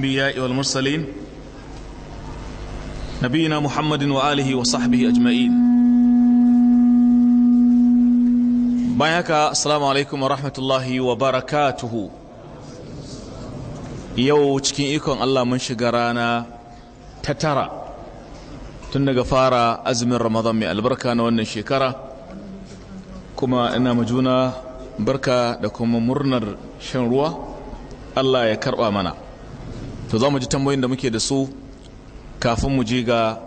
الأنبياء والمرسلين نبينا محمد وآله وصحبه أجمعين بايك السلام عليكم ورحمة الله وبركاته يو cikin ikon Allah mun shiga rana ta tara tun daga fara azumin Ramadan mai albarka na wannan shekara kuma ina majuna barka da kuma murnar shan ruwa Allah ya karɓa mana to za mu ji tambayoyin da muke da su kafin mu ji ga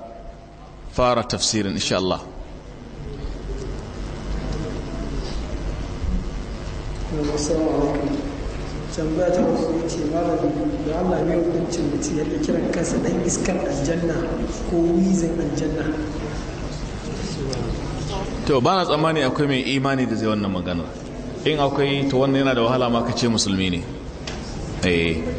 fara tafsirin insha Allah to ba na tsammani akwai mai imani da zai wannan magana in akwai to wannan yana da wahala ma ka ce musulmi ne eh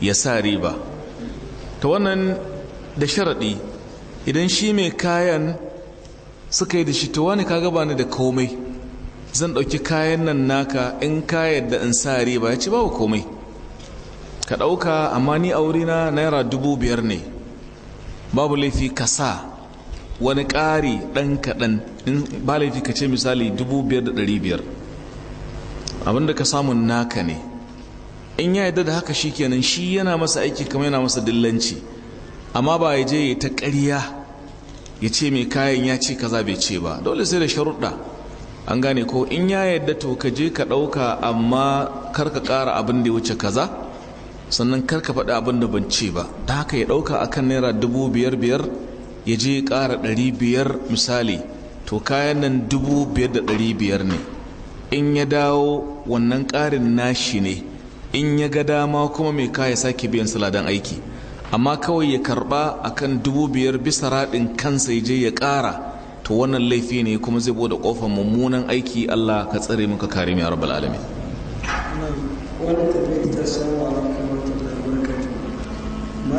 ya sa riba ta wannan da sharaɗi idan shi mai kayan suka yi da shi ta wani kaga ba ni da komai zan ɗauki kayan nan naka in kayan da in sa riba ya ci babu komai ka ɗauka amma ni a wuri na naira dubu biyar ne babu laifi ka sa wani ƙari ɗan kaɗan in ba laifi ka ce misali dubu biyar da ɗari biyar abinda ka samun naka ne in ya yadda da haka shi kenan shi yana masa aiki kamar yana masa dillanci amma ba ya je ya ta ƙarya ya ce mai kayan ya ce kaza bai ce ba dole sai da sharuɗa an gane ko in ya yadda to ka je ka ɗauka amma karka ka ƙara abin da ya wuce kaza sannan karka ka faɗi abin da ban ce ba da haka ya ɗauka akan naira dubu biyar biyar ya je ƙara ɗari biyar misali to kayan nan dubu biyar da ɗari biyar ne in ya dawo wannan ƙarin nashi ne in ya ga dama kuma mai kaya sake biyan saladan aiki amma kawai ya karba akan dubu biyar bisa raɗin kansa ya je ya ƙara to wannan laifi ne kuma zai bude kofar mummunan aiki Allah ka tsare muka kare mu ya rabbal alamin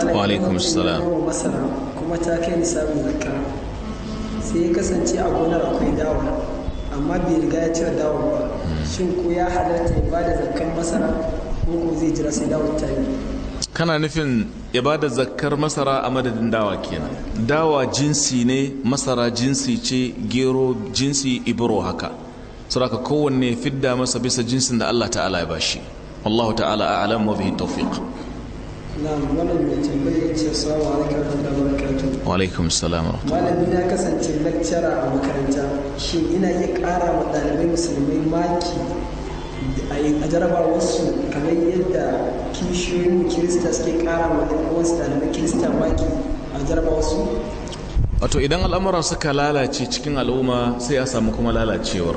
wa alaikum salam kuma ta kai ni samun zakka sai ya kasance a gonar akwai dawa amma bai riga ya cire dawa ba hmm. shin ko ya halarta ya da zakkan masara mugu zai jira sai dawa ta yi kana nufin ya ba da zakkar masara a madadin dawa kenan dawa jinsi ne masara jinsi ce gero jinsi ibro haka saboda kowanne fidda masa bisa jinsin da Allah ta'ala ya bashi Allah ta'ala a a'lam wa bihi tawfiq na'am wannan mai tambayar ce assalamu alaikum wa barakatuh wa alaikum assalam wa rahmatullahi malami na kasance lecturer a makaranta shin ina iya ƙara wa ɗalibai musulmai maki a jarabar wasu kamar yadda kishiyoyin kirista suke kara wa wasu ɗaliban kirista maki a jarabar wasu wato idan al'amuran suka lalace cikin al'umma sai a samu kuma lalacewar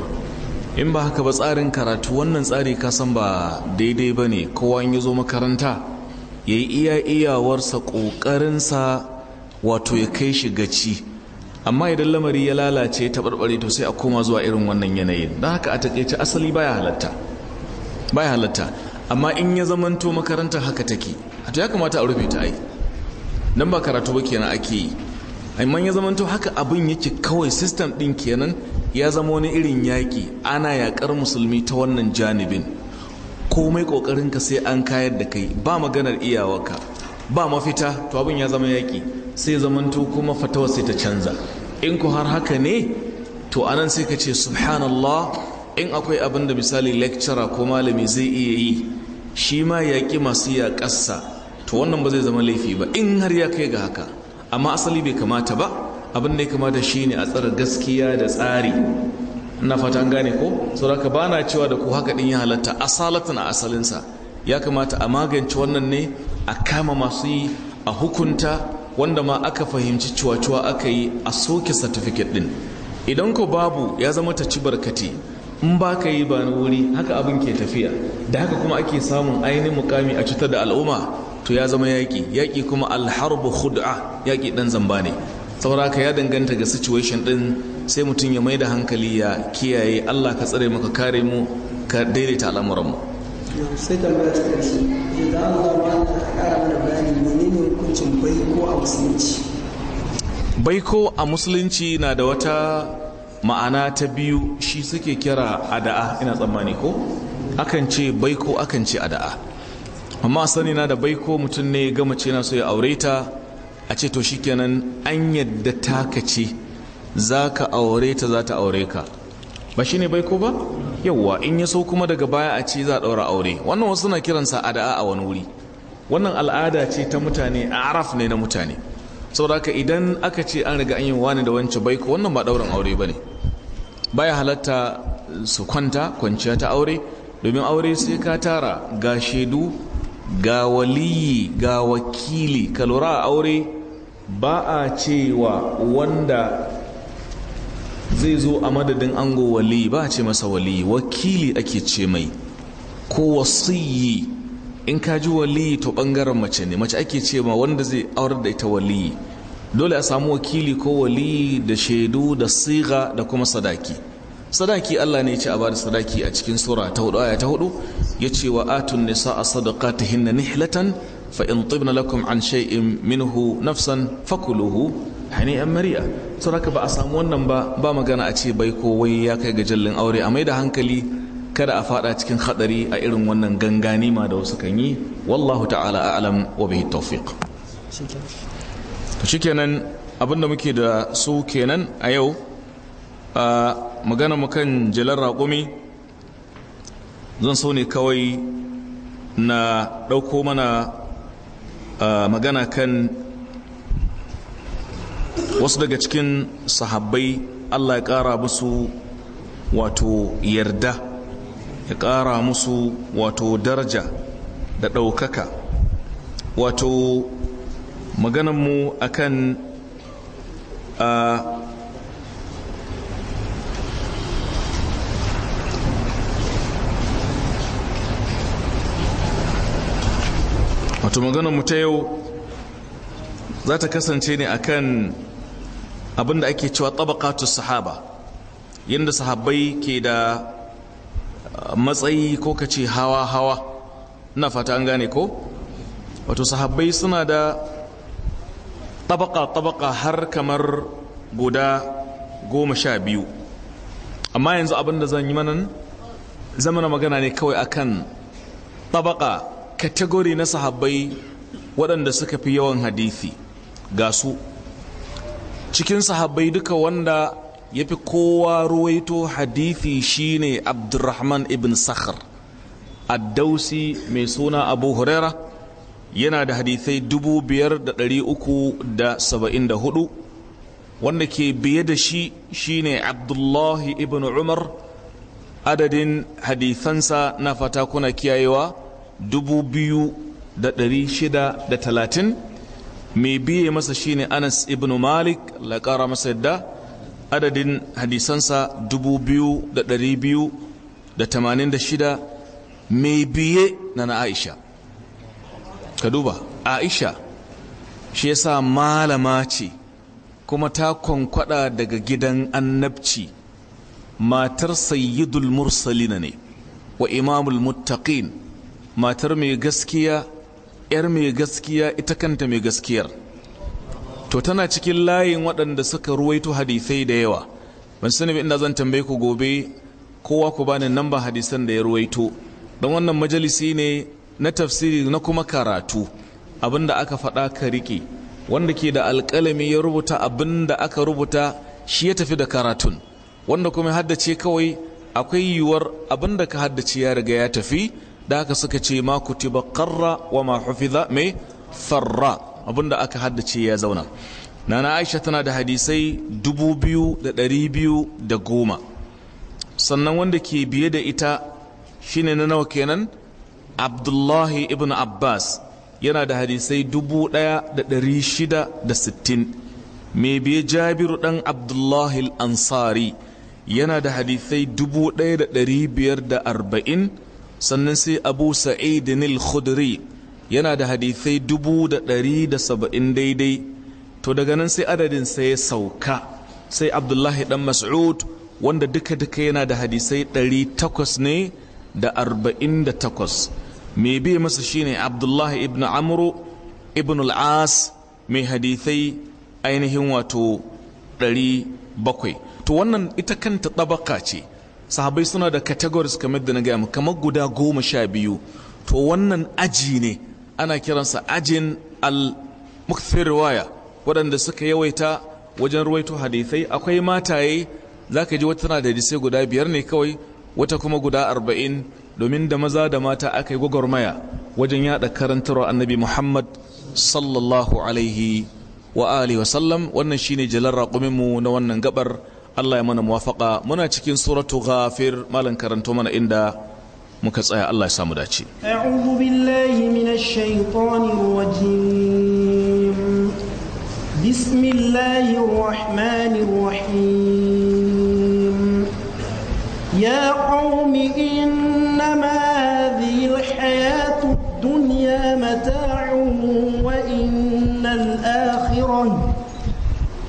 in ba haka ba tsarin karatu wannan tsari kasan ba daidai ba ne kowa ya zo makaranta ya yi iya iyawarsa ƙoƙarinsa wato ya kai shi gaci amma idan lamari ya lalace ta barbare to sai a koma zuwa irin wannan yanayin don haka a takaice asali baya halatta bai halatta amma in ya zamanto makaranta haka take to ya kamata a rufe ta ai nan ba karatu ba kenan ake yi amma ya zamanto haka abin yake kawai system din kenan ya zama wani irin yaki ana yakar musulmi ta wannan janibin komai kokarin ka sai an kayar da kai ba maganar iyawarka ba mafita to abin ya zama yaki sai zamanto kuma fatawa sai ta canza in ku har haka ne to anan sai ka ce subhanallah in akwai abin da misali lecturer ko malami zai iya yi shi ma yaƙi masu yaƙarsa to wannan ba zai zama laifi ba in har ya kai ga haka amma asali bai kamata ba abin da ya kamata shi ne a tsara gaskiya da tsari ina fatan gane ko ka ba na cewa da ku haka ɗin ya halatta asalatan a asalinsa ya kamata a magance wannan ne a kama masu yi a hukunta wanda ma aka fahimci cewa aka yi a soke certificate din idan ko babu ya zama ta ci barkati in ba ka yi ba wuri haka abin ke tafiya da haka kuma ake samun ainihin mukami a cutar da al'umma to ya zama yaƙi yaƙi kuma alharbu khud'a yaƙi ɗan zamba ne sauraka ya danganta ga situation ɗin sai mutum ya mai da hankali ya kiyaye allah ka tsare maka kare mu ka daidaita al'amuranmu sai baiko a musulunci na da wata ma'ana ta biyu shi suke kira ada'a ina tsammani ko akan ce baiko akan ce ada'a amma sani na da baiko mutum ne gama ce na so ya aure ta a ce to shikenan an yadda ta ka ce ka aure ta za ta aure ka ba ne baiko ba yawwa in ya so kuma daga baya a ce za a daura aure wannan wasu na kiransa ada'a a wani wuri wannan al'ada ce ta mutane a araf ne na mutane saboda haka idan aka ce an riga an yi wani da wancan baiko wannan ba ɗaurin aure ba ne. baya halatta su kwanta kwanciya ta aure domin aure sai ka tara ga shaidu ga waliyi ga wakili ka lura a aure ba a cewa wanda zai zo a madadin ango waliyi ba a ce masa waliyi wakili ake ce mai ko wasiyi in ka ji waliyi to bangaren mace ne mace ake ce ma wanda zai aure da ita waliyi dole a samu wakili ko wali da shaidu da siga da kuma sadaki sadaki Allah ne ya ce a bada sadaki a cikin sura ta hudu aya ta hudu ya ce wa atun nisa a sadaqatihinna nihlatan fa in tibna lakum an shay'in minhu nafsan fakuluhu hani'an mari'a to sadaka ba a samu wannan ba ba magana a ce bai ko wai ya kai ga jallin aure a mai da hankali kada a fada cikin hadari a irin wannan ganganima da wasu kan yi wallahu ta'ala a'lam wa bihi tawfiq shikenan abinda muke da su kenan a yau a magana kan jalar raƙumi zan so ne kawai na ɗauko mana magana kan wasu daga cikin sahabbai allah ya ƙara musu wato yarda ya ƙara musu wato daraja da ɗaukaka wato maganarmu a kan wato maganarmu ta yau za ta kasance ne akan abinda ake cewa tabakatu sahaba yadda sahabbai ke da matsayi ko kace hawa-hawa na fata an gane ko wato sahabbai suna da tabaka-tabaka har kamar guda goma sha biyu amma yanzu abin da zan yi manan zamana magana ne kawai akan tabaka kategori na sahabbai waɗanda suka fi yawan hadithi ga su cikin sahabbai duka wanda ya fi kowa ruwaito hadithi shine abdurrahman ibn sakhar addausi mai suna abu hurairah yana da hadithai 5,374 wanda ke biye da shi shine abdullahi ibn umar adadin hadithansa na fata kuna kiyayewa talatin mai biye masa shine anas ibn malik laƙara masa yadda adadin hadisansa 2,286 mai biye na na aisha ka duba aisha shi ya sa malama ce kuma ta kwankwada daga gidan annabci matar sayyidul mursalina ne wa imamul muttaqin matar mai gaskiya yar mai gaskiya ita kanta mai gaskiyar to tana cikin layin waɗanda suka ruwaito hadisai da yawa ban sani inda zan tambaye ku gobe kowa ku bani namba hadisan da ya ruwaito don wannan majalisi ne na tafsiri na kuma karatu abinda aka faɗa ka riƙe wanda ke da alƙalami ya rubuta abinda aka rubuta shi ya tafi da karatun wanda kuma haddace kawai akwai yiwuwar abinda ka haddace ya riga ya tafi da aka suka ce ma kutiba qarra wa ma hufiza mai farra abinda aka haddace ya zauna nana aisha tana da hadisai dubu biyu da ɗari biyu da goma sannan wanda ke biye da ita shine na nawa kenan abdullahi ibn abbas yana da hadisai dubu ɗaya da da ɗari shida sittin mai biye jabiru ɗan abdullahi ansari yana da hadisai dubu ɗaya da da ɗari biyar arba'in sannan sai abu sa'idin al-khudri yana da hadisai dubu da da ɗari saba'in daidai to daga nan sai adadin sai ya sauka sai abdullahi ɗan mas'ud wanda duka-duka yana da hadisai ɗari takwas ne da arba'in da takwas. mai biya masa shine abdullahi ibn amru ibn al'as mai hadithai ainihin wato 700 to wannan ita kanta tabaka ce sahabai suna da categories kamar da na gaya kamar guda goma sha biyu to wannan aji ne ana kiransa ajin al riwaya waɗanda suka yawaita wajen ruwaito hadithai akwai mataye za ka ji wata tana da hadisai guda biyar ne kawai wata kuma guda arba'in domin da maza da mata aka yi gwagwarmaya wajen yada karantarwa annabi Muhammad sallallahu alaihi wa alihi wa sallam wannan shine jalar raquminmu na wannan gabar Allah ya mana muwafaqa muna cikin suratu ghafir malan karanto mana inda muka tsaya Allah ya samu dace a'udhu billahi minash shaitanir rajim bismillahir rahmanir rahim ya qaumi in الآخرة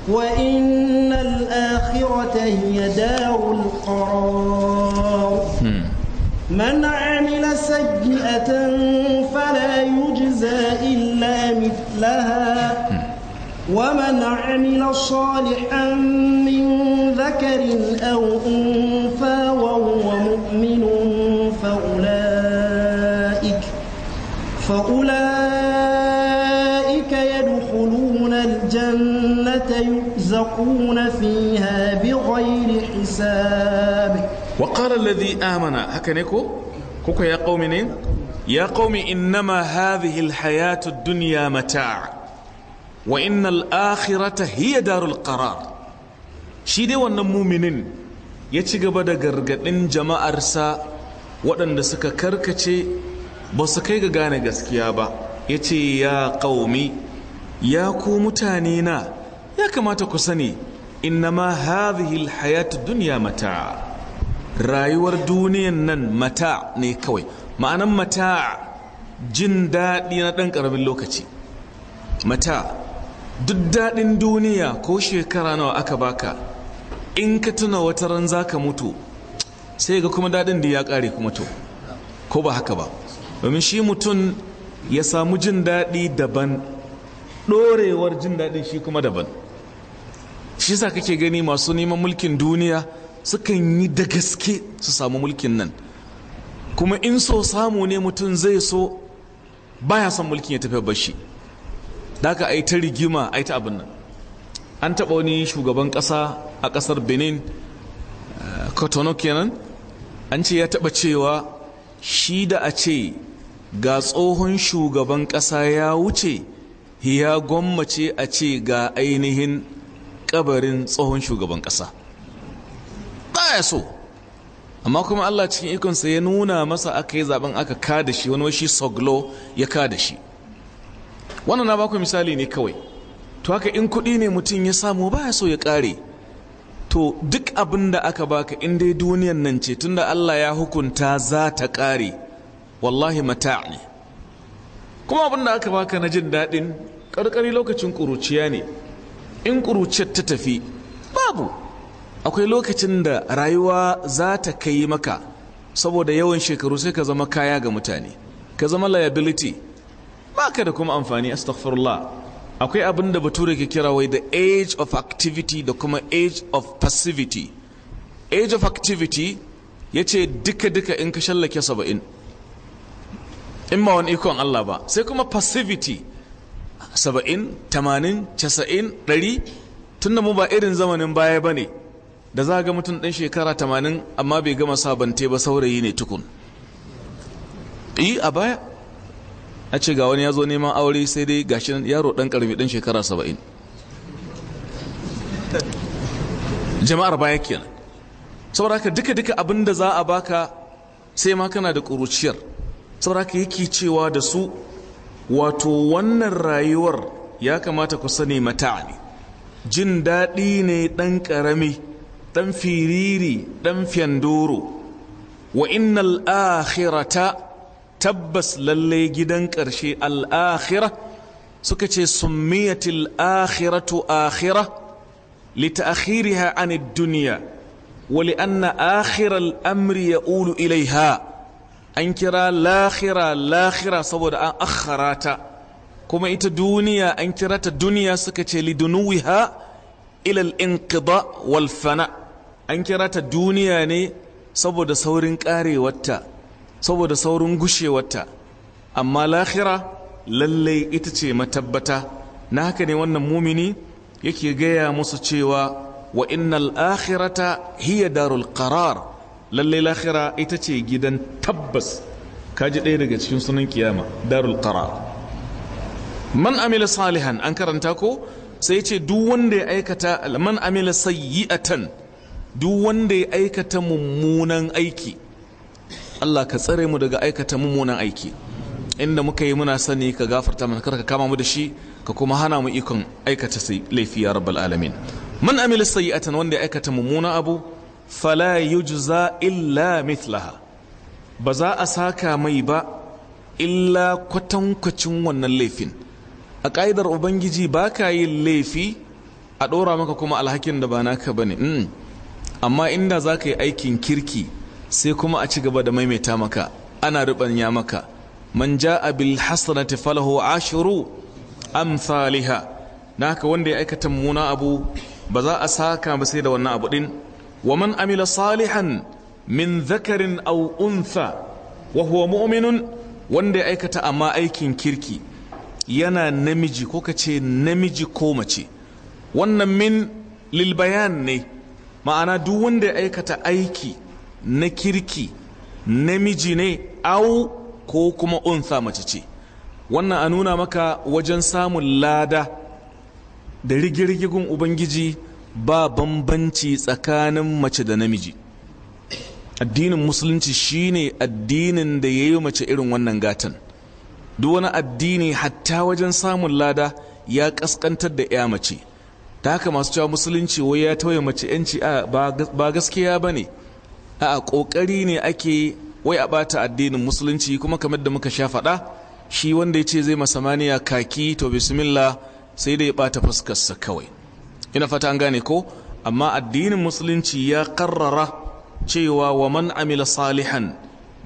وإن الآخرة هي دار القرار من عمل سيئة فلا يجزى إلا مثلها ومن عمل صالحا من ذكر أو أنثى وهو مؤمن فأولئك فأولئك الجنة يرزقون فيها بغير حساب وقال الذي آمن هكنيكو كوكو يا قوم يا قوم إنما هذه الحياة الدنيا متاع وإن الآخرة هي دار القرار شيدي والنمومنين يتشغب دا غرغتين جماعة رسا waɗanda suka karkace ba su kai ga gane gaskiya ba ya ce ya ƙaumi ya ku mutane na ya kamata ku sani ma hadhihi alhayatu dunya mata rayuwar duniyan nan mata ne kawai ma'anan mata jin daɗi na ɗan ƙaramin lokaci mata duk daɗin duniya ko shekara nawa aka baka in ka tuna wata ran za ka mutu sai ga kuma daɗin da ya kare kuma to ko ba haka ba domin shi mutum ya samu jin daɗi daban ɗorewar jin daɗin shi kuma daban shi sa kake gani masu neman mulkin duniya sukan yi da gaske su samu mulkin nan kuma in so samu ne mutum zai so baya son mulkin ya tafi bashi da aka a yi ta rigima a yi ta abin nan an taɓa wani shugaban ƙasa a ƙasar benin eh, Cotonou kenan an ce ya taɓa cewa shi da a ce ga tsohon shugaban ƙasa ya wuce ya gwammace a ce ga ainihin kabarin tsohon shugaban ƙasa baya so amma kuma Allah cikin ikonsa ya nuna masa aka yi zaben aka kada shi wani washi soglo ya kada shi wannan na baku misali ne kawai to haka in kuɗi ne mutum ya samu baya so ya ƙare to duk abin da aka baka in dai duniyan nan ce tunda Allah ya hukunta za ta ƙare wallahi mata' ne kuma abin da aka baka na jin daɗin ƙarƙari lokacin ƙuruciya ne in ƙuruciyar ta tafi babu akwai lokacin da rayuwa za ta kai maka saboda yawan shekaru sai ka zama kaya ga mutane ka zama liability ba ka da kuma amfani astaghfirullah akwai abin da bature ke kira wai da age of activity da kuma age of passivity age of activity ya ce duka-duka in ka shallake saba'in in ma wani ikon Allah ba sai kuma passivity saba'in tamanin casa'in ɗari tunda mu ba irin zamanin baya ba ne da za ga mutum ɗan shekara tamanin amma bai gama sabante ba saurayi ne tukun yi a baya a ce ga wani ya zo neman aure sai dai gashi yaro ɗan ƙarfi ɗan shekara saba'in jama'ar baya kenan saboda haka duka-duka abin da za a baka sai ma kana da ƙuruciyar saboda haka yake cewa da su wato wannan rayuwar ya kamata ku sani mata ne jin daɗi ne ɗan ƙarami ɗan firiri ɗan fyandoro wa innal akhirata tabbas lalle gidan ƙarshe al'akhira suka ce summiyatil akhiratu akhira lita'akhiriha anid duniya wa li'anna akhiral amri ya'ulu ilaiha an kira lahira lahira saboda an akhara ta kuma ita duniya an kira ta duniya suka ce lidunuwiha ilal ilal inqida wal fana an kira ta duniya ne saboda saurin karewarta saboda saurin gushewarta amma lahira lallai ita ce matabbata na haka ne wannan mumini yake gaya musu cewa wa innal akhirata hiya darul qarar lallai lahira ita ce gidan tabbas Ka ji ɗaya daga cikin sunan kiyama darul qarar man amila salihan an karanta ko sai ce duk wanda ya aikata man amila sayyi'atan duk wanda ya aikata mummunan aiki Allah ka tsare mu daga aikata mummunan aiki inda muka yi muna sani ka gafarta mana karka kama mu da shi ka kuma hana mu ikon aikata laifi ya rabbal alamin man amila sayyi'atan wanda ya aikata mummunan abu fala yujza illa mithlaha ba za a saka mai ba illa kwatankwacin wannan laifin a ƙa'idar ubangiji ba ka yin laifi a ɗora maka kuma alhakin da ba naka ba ne mm. amma inda za ka yi aikin kirki sai kuma a ci gaba da maimaita maka ana riɓanya maka man a bil hasanati falahu ashiru amsaliha naka wanda ya aikata muna abu ba za a saka ba sai da wannan abu ɗin. ومن عمل صالحا من ذكر أو أنثى وهو مؤمن wanda aikata amma aikin kirki yana namiji ko kace namiji ko mace wannan min lil bayan ne ma'ana duk wanda ya aikata aiki na kirki namiji ne au ko kuma unsa mace ce wannan a nuna maka wajen samun lada da rigirgigun ubangiji ba bambanci tsakanin mace da namiji addinin musulunci shine addinin da ya yi mace irin wannan gatan duk wani addini hatta wajen samun lada ya kaskantar da ya mace ta haka masu cewa musulunci wai ya tauye mace yanci a ba gaskiya ba ne a ƙoƙari ne ake wai a ɓata addinin musulunci kuma kamar da muka sha faɗa shi wanda ya ce zai masamaniya kaki to bismillah sai da ya ɓata fuskarsa kawai ina fata an gane ko amma addinin musulunci ya karrara cewa wa man amila salihan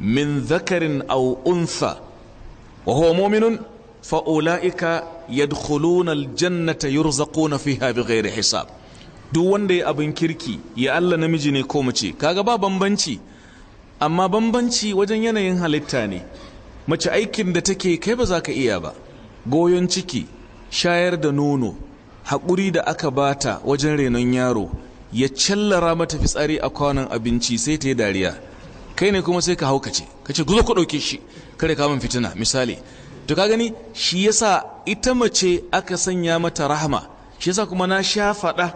min zakarin aw untha wa huwa mu'minun fa ulaika yadkhuluna aljannata yurzaquna fiha bighairi hisab duk wanda ya abin kirki ya Allah namiji ne ko mace kaga ba bambanci amma bambanci wajen yanayin halitta ne mace aikin da take kai ba za ka iya ba goyon ciki shayar da nono haƙuri da aka bata wajen renon yaro ya cellara mata fitsari a kwanon abinci sai ta yi dariya kai ne kuma sai ka hau ka ce guzo ku ɗauke shi kare kamun fitina misali to ka gani shi yasa ita mace aka sanya mata rahama shi yasa kuma na sha faɗa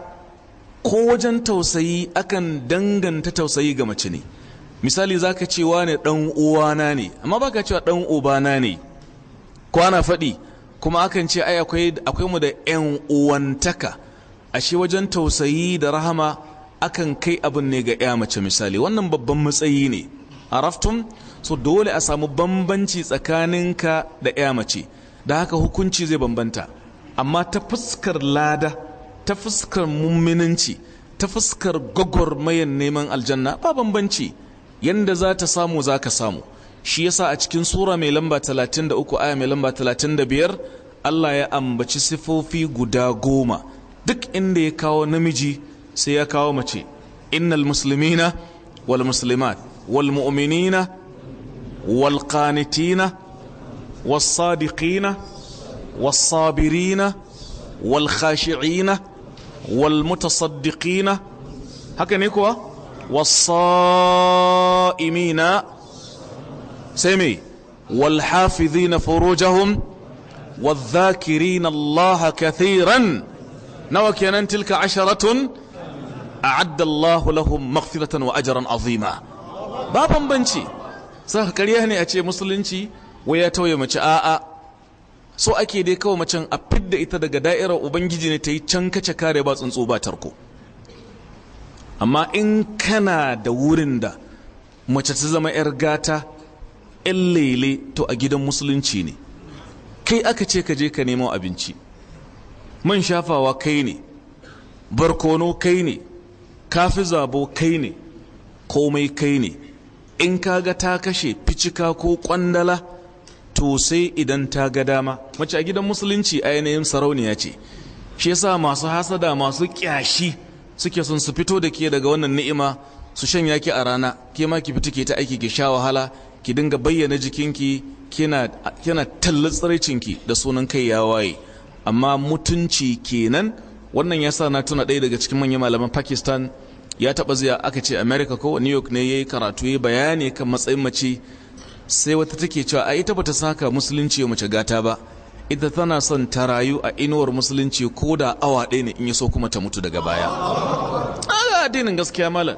ko wajen tausayi akan danganta tausayi ga mace ne misali za ka ce wane ɗan uwana ne amma ba ka cewa ɗan ubana ne kwana faɗi kuma akan ce ai akwai akwai mu da yan uwantaka ashe wajen tausayi da rahama akan kai abin ne ga ƴa mace misali wannan babban matsayi ne araftum so dole a samu bambanci tsakanin ka da ƴa mace da haka hukunci zai bambanta amma ta fuskar lada ta fuskar mummuninci ta fuskar gwagwarmayar neman aljanna ba bambanci yanda za ta samu za ka samu shi yasa a cikin sura mai lamba talatin da uku aya mai lamba talatin da biyar Allah ya ambaci sifofi guda goma duk inda ya kawo namiji sai ya kawo mace innal muslimina wal muslimat wal mu'minina wal qanitina was sadiqina was sabirina wal khashi'ina wal mutasaddiqina haka ne kuwa was sa'imina sai mai walhafizina furujahum wadhakirina Allah kathiran nawa kenan tilka asharatun a'adda Allah lahum maghfiratan wa ajran azima ba bambanci saka kariya ne a ce musulunci wai ya tauye mace a'a so ake dai kawo macen a fidda ita daga da'irar ubangiji ne ta yi can kace kare ba tsuntsu ba tarko amma in kana da wurin da mace ta zama 'yar gata 'yan lele to a gidan musulunci ne kai aka ce ka je ka nemo abinci man shafawa kai ne barkono kai ne kafi zabo kai ne komai kai ne in ga ta kashe ficika ko kwandala to sai idan ta ga dama mace a gidan musulunci a yanayin sarauniya ce shi yasa masu hasada masu kyashi suke son su fito da ke daga wannan ni'ima su shan ki a rana ke ma ki fita ke ta aiki ki sha wahala ki dinga bayyana jikinki kina kina cinki da sunan kai ya waye amma mutunci kenan wannan ya sa na tuna ɗaya daga cikin manyan malaman Pakistan ya taɓa zuwa aka ce America ko New York ne ya yi karatu ya bayani kan matsayin mace sai wata take cewa a ita bata saka musulunci mace gata ba ita tana son ta rayu a inuwar musulunci ko da awa ɗaya ne in ya so kuma ta mutu daga baya. addinin gaskiya malam.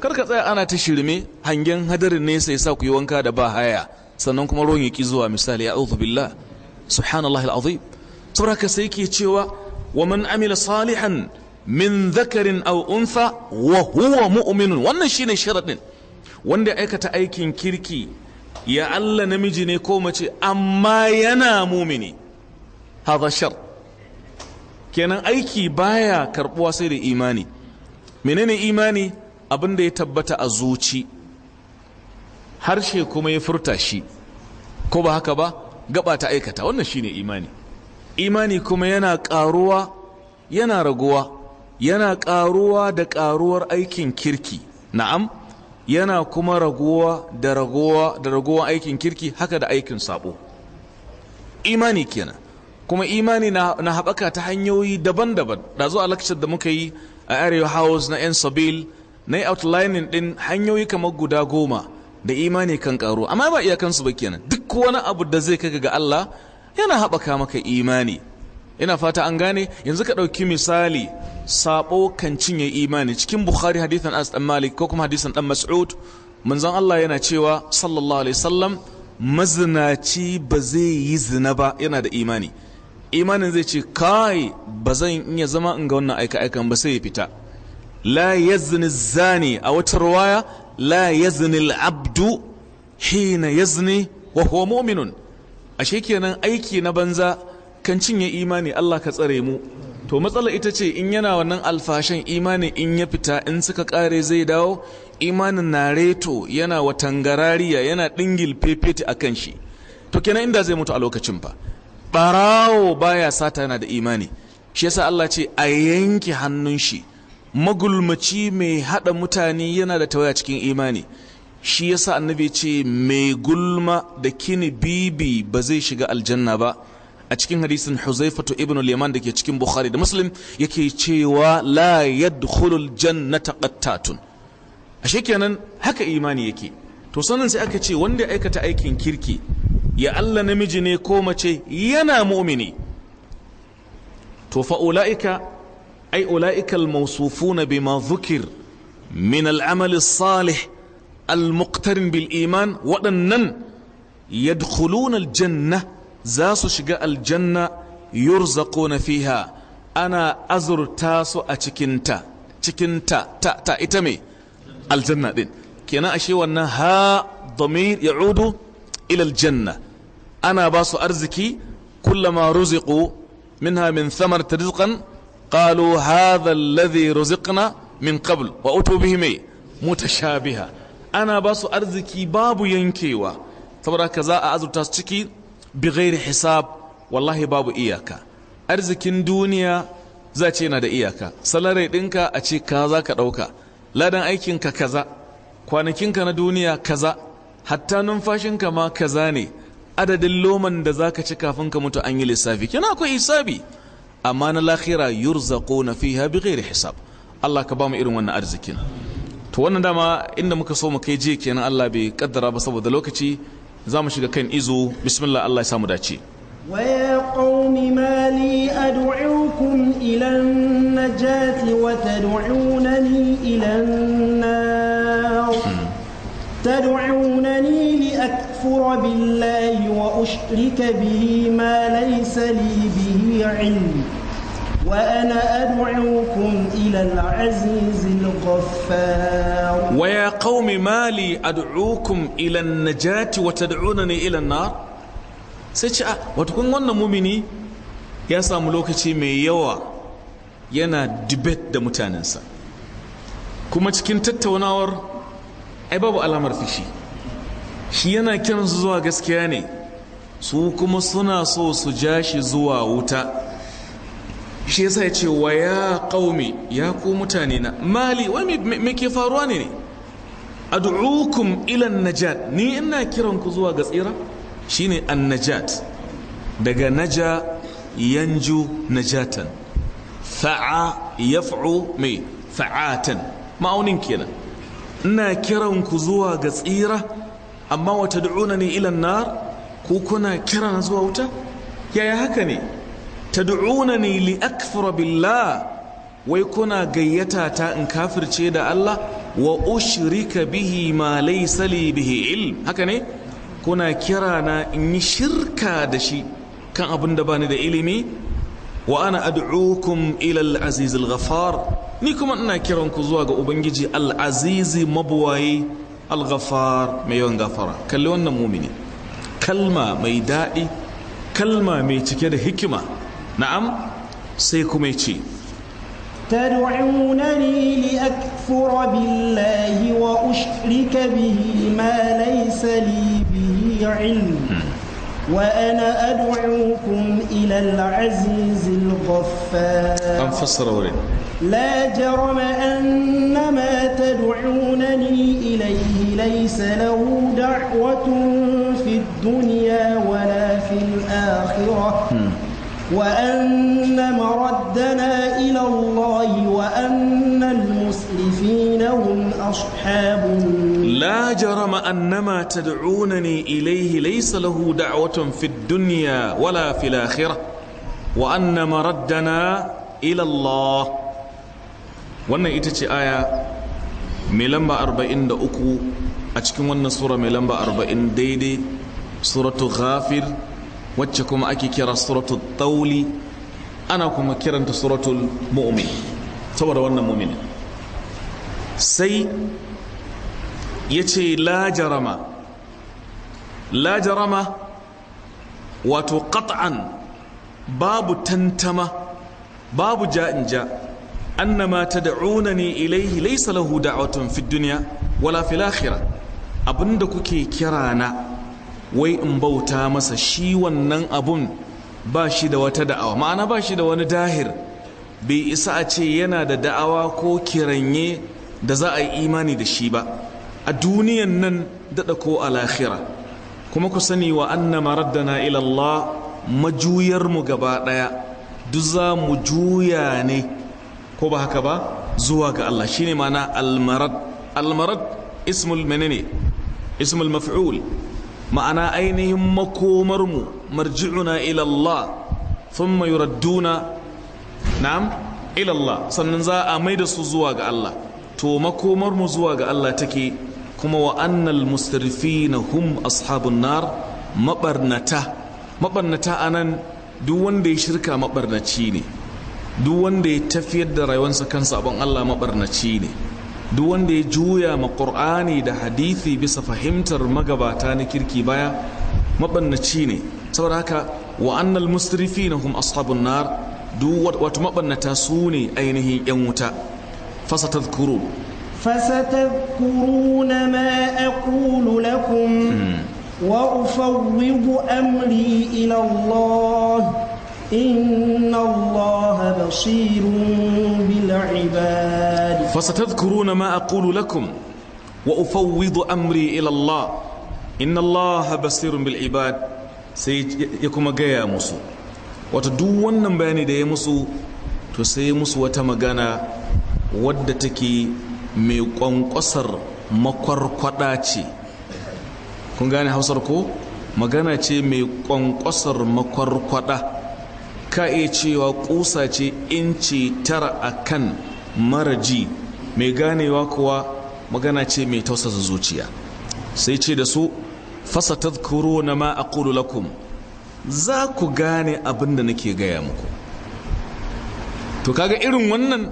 kar ka tsaya ana ta shirme hangen hadarin ne sai yasa ku yi wanka da ba haya sannan kuma ruwan yaki zuwa misali ya auzu billah subhanallahi alazim saboda ka sai ke cewa wa man amila salihan min dhakarin aw untha wa huwa mu'minun wannan shine sharadin wanda aikata aikin kirki ya Allah namiji ne ko mace amma yana mumini hadha shar kenan aiki baya karbuwa sai da imani menene imani abin da ya tabbata a zuci harshe kuma ya furta shi ko ba haka ba gaba ta aikata wannan shine imani imani kuma yana karuwa yana raguwa yana karuwa da karuwar aikin kirki na'am yana kuma raguwa da raguwa da raguwa aikin kirki haka da aikin sabo imani kenan kuma imani na, na haɓaka ta hanyoyi daban-daban da zuwa lakcin da muka yi a arewa house na 'yan sabil na yi outlining din hanyoyi kamar guda goma da imani kan karo amma ba iyakansu ba kenan duk wani abu da zai kai ga Allah yana haɓaka maka imani ina fata an gane yanzu ka ɗauki misali saɓo kan cinye imani cikin bukhari hadithan as dan malik ko kuma hadithan dan mas'ud manzon Allah yana cewa sallallahu alaihi wasallam mazinaci ba zai yi zina ba yana da imani imanin zai ce kai ba zan iya zama in ga wannan aika aikan ba sai ya fita la yazni zani a wata ruwaya la yazni al'abdu hina yazni wa huwa a ashe kenan aiki na banza kan cinye imani Allah ka tsare mu to matsala ita ce in yana wannan alfashin imani in ya fita in suka kare zai dawo imanin na reto yana watangarariya yana dingil fefete a kan shi to kenan inda zai mutu a lokacin fa barawo baya sata yana da imani shi yasa Allah ce a yanke hannun shi magulmaci mai haɗa mutane yana da tawaya cikin imani shi yasa annabi ce mai gulma da kini bibi ba zai shiga aljanna ba a cikin hadisin huzaifatu ibn liman da ke cikin bukhari da muslim yake cewa la yadkhulul jannata qattatun ashe kenan haka imani yake to sanin sai aka ce wanda aikata aikin kirki ya Allah namiji ne ko mace yana mu'mini to fa ulaika أي أولئك الموصوفون بما ذكر من العمل الصالح المقترن بالإيمان وأنن يدخلون الجنة زاسو شقاء الجنة يرزقون فيها أنا أزر تاسو أتكنتا تكنتا تا تا إتمي الجنة دين كنا أشي وأنها ضمير يعود إلى الجنة أنا باسو أرزكي كلما رزقوا منها من ثمرة رزقا qalu hadha alladhi ruziqna min qabl wa utu bihi mai mutashabiha ana basu arziki babu yankewa saboda ka za a azurta su ciki bi ghairi hisab wallahi babu iyaka arzikin duniya za ce yana da iyaka salare ɗinka a ce ka za ka ɗauka ladan aikinka kaza kwanakinka na duniya kaza hatta numfashinka ma kaza ne adadin loman da za ka ci kafin ka mutu an yi lissafi kina akwai hisabi amma na lahira yurzaquna fiha da hisab Allah ka ba mu irin wannan arzikin to wannan dama inda muka so mu kai je kenan Allah bai kaddara ba saboda lokaci za mu shiga kan izo bismillah Allah ya samu dace ويا قوم ما لي أدعوكم إلى النجاة وتدعونني إلى النار تدعونني أكفر بالله وأشرك به ما ليس لي به علم وأنا أدعوكم إلى العزيز الغفار ويا قوم ما لي أدعوكم إلى النجاة وتدعونني إلى النار سيتشاء وتكون وانا مؤمني يا سامو لوكتي مي يوا ينا دبت دا متاننسا kuma cikin tattaunawar ai babu alamar fishi shi yana kiransu zuwa gaskiya ne su kuma suna so su ja shi zuwa wuta shi yasa ya ce wa ya qaumi ya ku mutane na mali wa me ke faruwa ne ne ad'ukum ilan najat ni ina kiran ku zuwa ga tsira shine an-najat daga naja yanju najatan fa'a yaf'u mai fa'atan ma'aunin kenan ina kiran ku zuwa ga tsira amma wa ni ila an-nar ku kuna kira zuwa wuta yaya haka ne ni li akfura billah wai kuna gayyata ta in kafirce da Allah wa ushrika bihi ma laysa li bihi ilm haka ne kuna kira na in yi shirka da shi kan abin da bani da ilimi wa ana ad'ukum ila al-aziz al ghafar ni kuma ina kiran ku zuwa ga ubangiji al-aziz mabwayi Al-Ghafar mai yawan gafara. Kalli wannan mumini. Kalma mai daɗi, kalma mai cike da hikima. Na'am sai kuma ya ce, Tad'unani li akthura billahi wa ushrika bihi ma laysa li bihi ilm. Hmm. Wa ana ad'ukum ila al-'azizil ghaffar. An fassara wurin. لا جرم أن ما تدعونني إليه ليس له دعوة في الدنيا ولا في الآخرة وأن مردنا إلى الله وأن المسرفين هم أصحاب لا جرم أن ما تدعونني إليه ليس له دعوة في الدنيا ولا في الآخرة وأن مردنا إلى الله wannan ita ce aya mai lamba 43 a cikin wannan sura mai lamba 40 daidai suratu ghafir wacce kuma ake kira suratu tauli ana kuma kiranta suratul mu'min saboda wannan mu'min sai ya ce lajarama wato kat’an babu tantama babu ja'in ja' annama tad'unani ilayhi laysa lahu da'watun fid dunya wala fil akhirah abinda kuke kira na wai in bauta masa shi wannan abun ba shi da wata da'awa ma'ana ba shi da wani dahir bai isa a ce yana da da'awa ko kiranye da za a yi imani da shi ba a duniyan nan daɗa ko a lahira kuma ku sani wa anna maraddana ilallah mu gaba ɗaya duk za mu juya ne ko ba haka ba zuwa ga Allah shine mana almarad almarad ismul menene ismul maf'ul ma'ana ainihin makomar mu marji'una ila Allah thumma yuradduna na'am ila Allah sannan za a maida su zuwa ga Allah to makomarmu zuwa ga Allah take kuma wa annal mustarifina hum ashabun nar mabarnata mabarnata anan duk wanda ya shirka mabarnaci ne duk wanda ya tafiyar da rayuwarsa kan sabon Allah mabarnaci ne duk wanda ya juya ma Qur'ani da hadisi bisa fahimtar magabata na kirki baya mabarnaci ne saboda haka wa annal musrifina hum ashabun nar duk wato mabarnata su ne ainihin yan wuta fasatadhkuru fasatadhkuruna ma aqulu lakum hmm. wa ufawwidu amri ila Allah إن الله بصير بالعباد فستذكرون ما أقول لكم وأفوض أمري إلى الله إن الله بصير بالعباد سيكون مجايا مسو وتدوون نمباني دي مسو تسي مسو وتمغانا ودتكي ميقون قصر مقر قطاتي kun gane hausar ko magana ce mai kwankwasar makwarkwada ka iya cewa kusa ce inci tara a kan ji mai ganewa kuwa magana ce mai tausasa zuciya sai ce da su fasa kuro na ma a lakum za ku gane abin da nake gaya muku to kaga irin wannan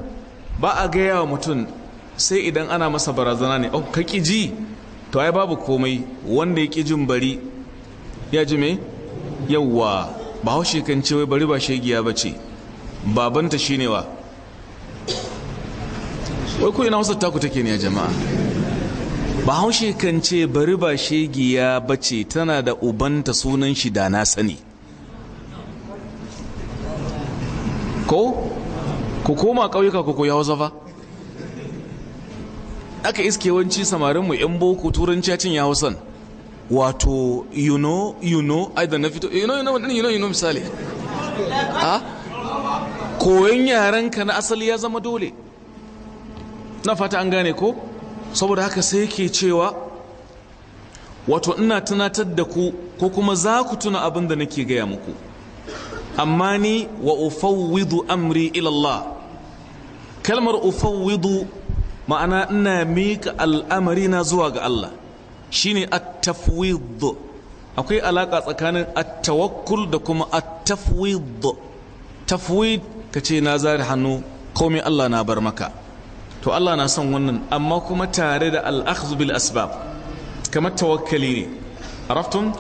ba a gaya wa mutum sai idan ana masa barazana ne oh ka ji to ai babu komai wanda ya ƙi jin bari ya ji me yawwa bahaushe kan ce wai bari ba shegiya ba ce babanta ne wa wai ko ina wasu taku take ne a jama'a bahaushe kan ce bari ba shegiya ba ce tana da ubanta sunan shi da na sani ko ku koma ƙauyuka ku koya hausa fa aka iske wanci samarinmu 'yan boko turanci ya hausan wato you know you know na fito you know you know you know you know misali a koyon yarenka na asali ya zama dole na fata an gane ko saboda haka sai ke cewa wato ina tunatar da ku ko kuma za ku tuna abin da nake gaya muku amma ni wa ufawwidu amri ila Allah kalmar ufawwidu ma'ana ina miƙa al'amari na zuwa ga Allah shine at-tafwid akwai alaka tsakanin at-tawakkul da kuma at-tafwid tafwid kace na zare hannu komai Allah na bar maka to Allah na son wannan amma kuma tare da al bil asbab kamar tawakkali ne araftum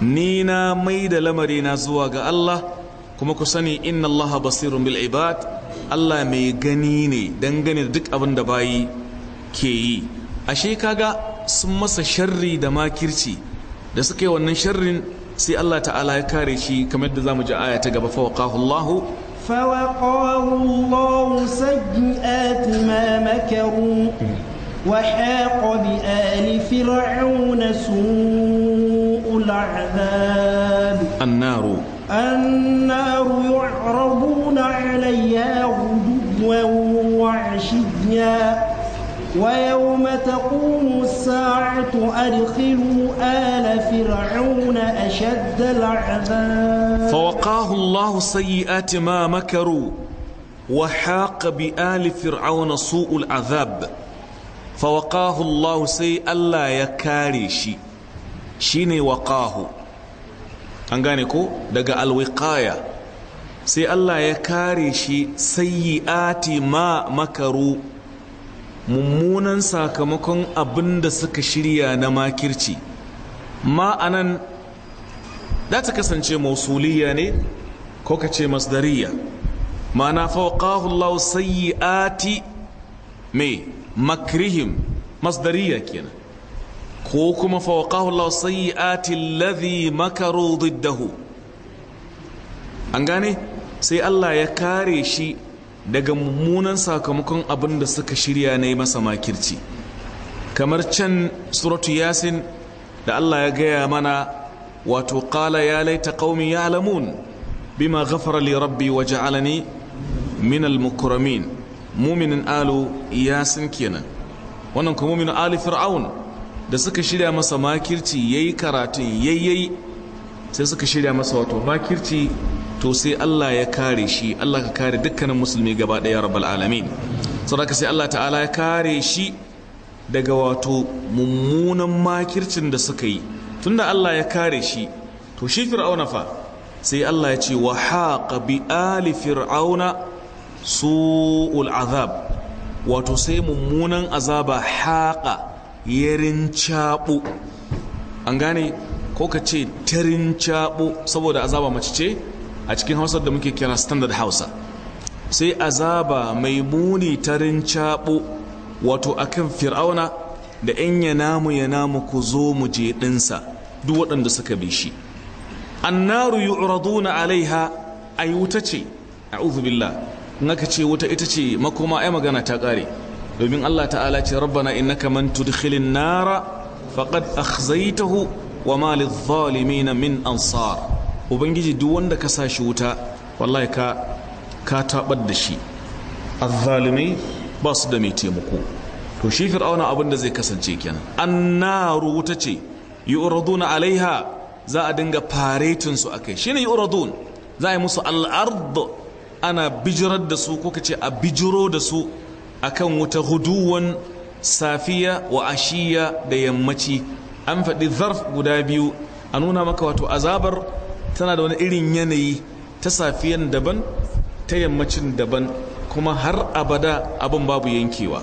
ni na mai da lamari na zuwa ga Allah kuma ku sani inna Allah basirun bil ibad Allah mai gani ne dangane da duk abin da bayi ke yi ashe kaga sun masa sharri da makirci da suka yi wannan sharrin sai Allah ta'ala ya kare shi kamar da zamu ji aya ta gaba fa waqahu Allah fa waqahu Allah sayyi'ati ma makaru wa haqa bi ali fir'auna su'ul azab an-nar النار يعرضون عليها wa وعشيا ويوم تقوم الساعة أدخلوا آل فرعون أشد العذاب فوقاه الله سيئات ما مكروا وحاق بآل فرعون سوء العذاب فوقاه الله سي الله يكاريشي شيني وقاه أنغانيكو دقا الوقاية سي الله يكاريشي سيئات ما مكروا mummunan sakamakon abin da suka shirya na makirci ma'anan za ta kasance mausuliya ne ko ka ce masdariya ma'ana fauqahu Allah sayyi'ati me makrihim masdariya kenan ko kuma fauqahu Allah sayyi'ati alladhi makaru diddahu an gane sai Allah ya kare shi daga mummunan sakamakon abin da suka shirya na yi masa makirci kamar can suratu yasin da Allah ya gaya mana wato kala ya laita ya ya'lamun bima ghafara li rabbi wa ja'alani min al-mukramin mu'minin alu yasin kenan wannan kuma mu'minin ali fir'aun da suka shirya masa makirci yayi karatun yayyayi sai suka shirya masa wato makirci to sai Allah ya kare shi Allah ka kare dukkanin musulmi gaba ɗaya rabbal alamin saboda sai Allah ta'ala ya kare shi daga wato mummunan makircin da suka yi tunda Allah ya kare shi to shi fir'auna fa sai Allah ya ce wa haqa bi ali fir'auna su'ul azab wato sai mummunan azaba haqa yarin chabu an gane ko ka ce tarin caɓo saboda azaba mace ce a cikin hausar da muke kira standard hausa sai azaba mai muni tarin caɓo wato akan fir'auna da yan ya namu ya namu ku zo mu je ɗinsa duk waɗanda suka bi shi annaru yu'raduna alaiha ai wuta ce a'udhu billah in aka ce wuta ita ce makoma ai magana ta ƙare domin Allah ta'ala ce rabbana innaka man tudkhilin nara faqad akhzaytahu wa malil zalimin min ansar ubangiji duk wanda ka sa shi wuta wallahi ka ka tabar da shi azzalimai ba su da mai taimako to shi fir'auna abin da zai kasance kenan annaru wuta ce yu'raduna alaiha za a dinga faretin su akai shine yu'radun za a yi musu al'ard ana bijirar da su ko ce a bijiro da su akan wuta huduwan safiya wa ashiya da yammaci an faɗi zarf guda biyu a nuna maka wato azabar tana da wani irin yanayi ta safiyan daban ta yammacin daban kuma har abada abin babu yankewa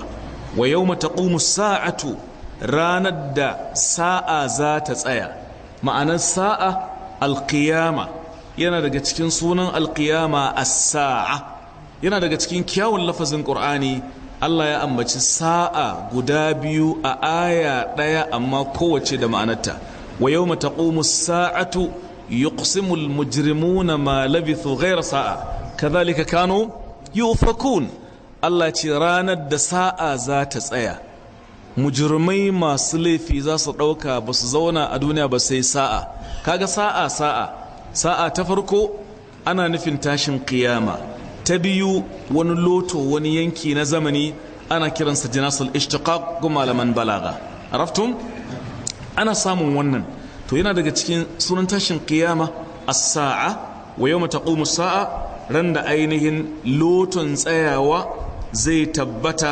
wa yau mataƙumu sa'atu ranar da sa'a za ta tsaya ma'anar sa'a alƙiyama yana daga cikin sunan alƙiyama a sa'a yana daga cikin kyawun lafazin ƙur'ani Allah ya ambaci sa'a guda biyu a aya ɗaya amma kowace da ma'anarta wa yau mata sa'atu yuqsimul mujrimuna ma labithu ghayra sa'a kazalika kano yufakun Allah ce ranar da sa'a za ta tsaya mujrimai masu laifi za su ɗauka ba su zauna a duniya ba sai sa'a kaga sa'a sa'a sa'a ta farko ana nufin tashin kiyama ta biyu wani loto wani yanki na zamani ana kiransa jinasul ishtiqaq kuma malaman balaga araftum ana samun wannan to yana daga cikin sunan tashin kiyama as-sa'a wa yawma taqumu as-sa'a randa ainihin loton tsayawa zai tabbata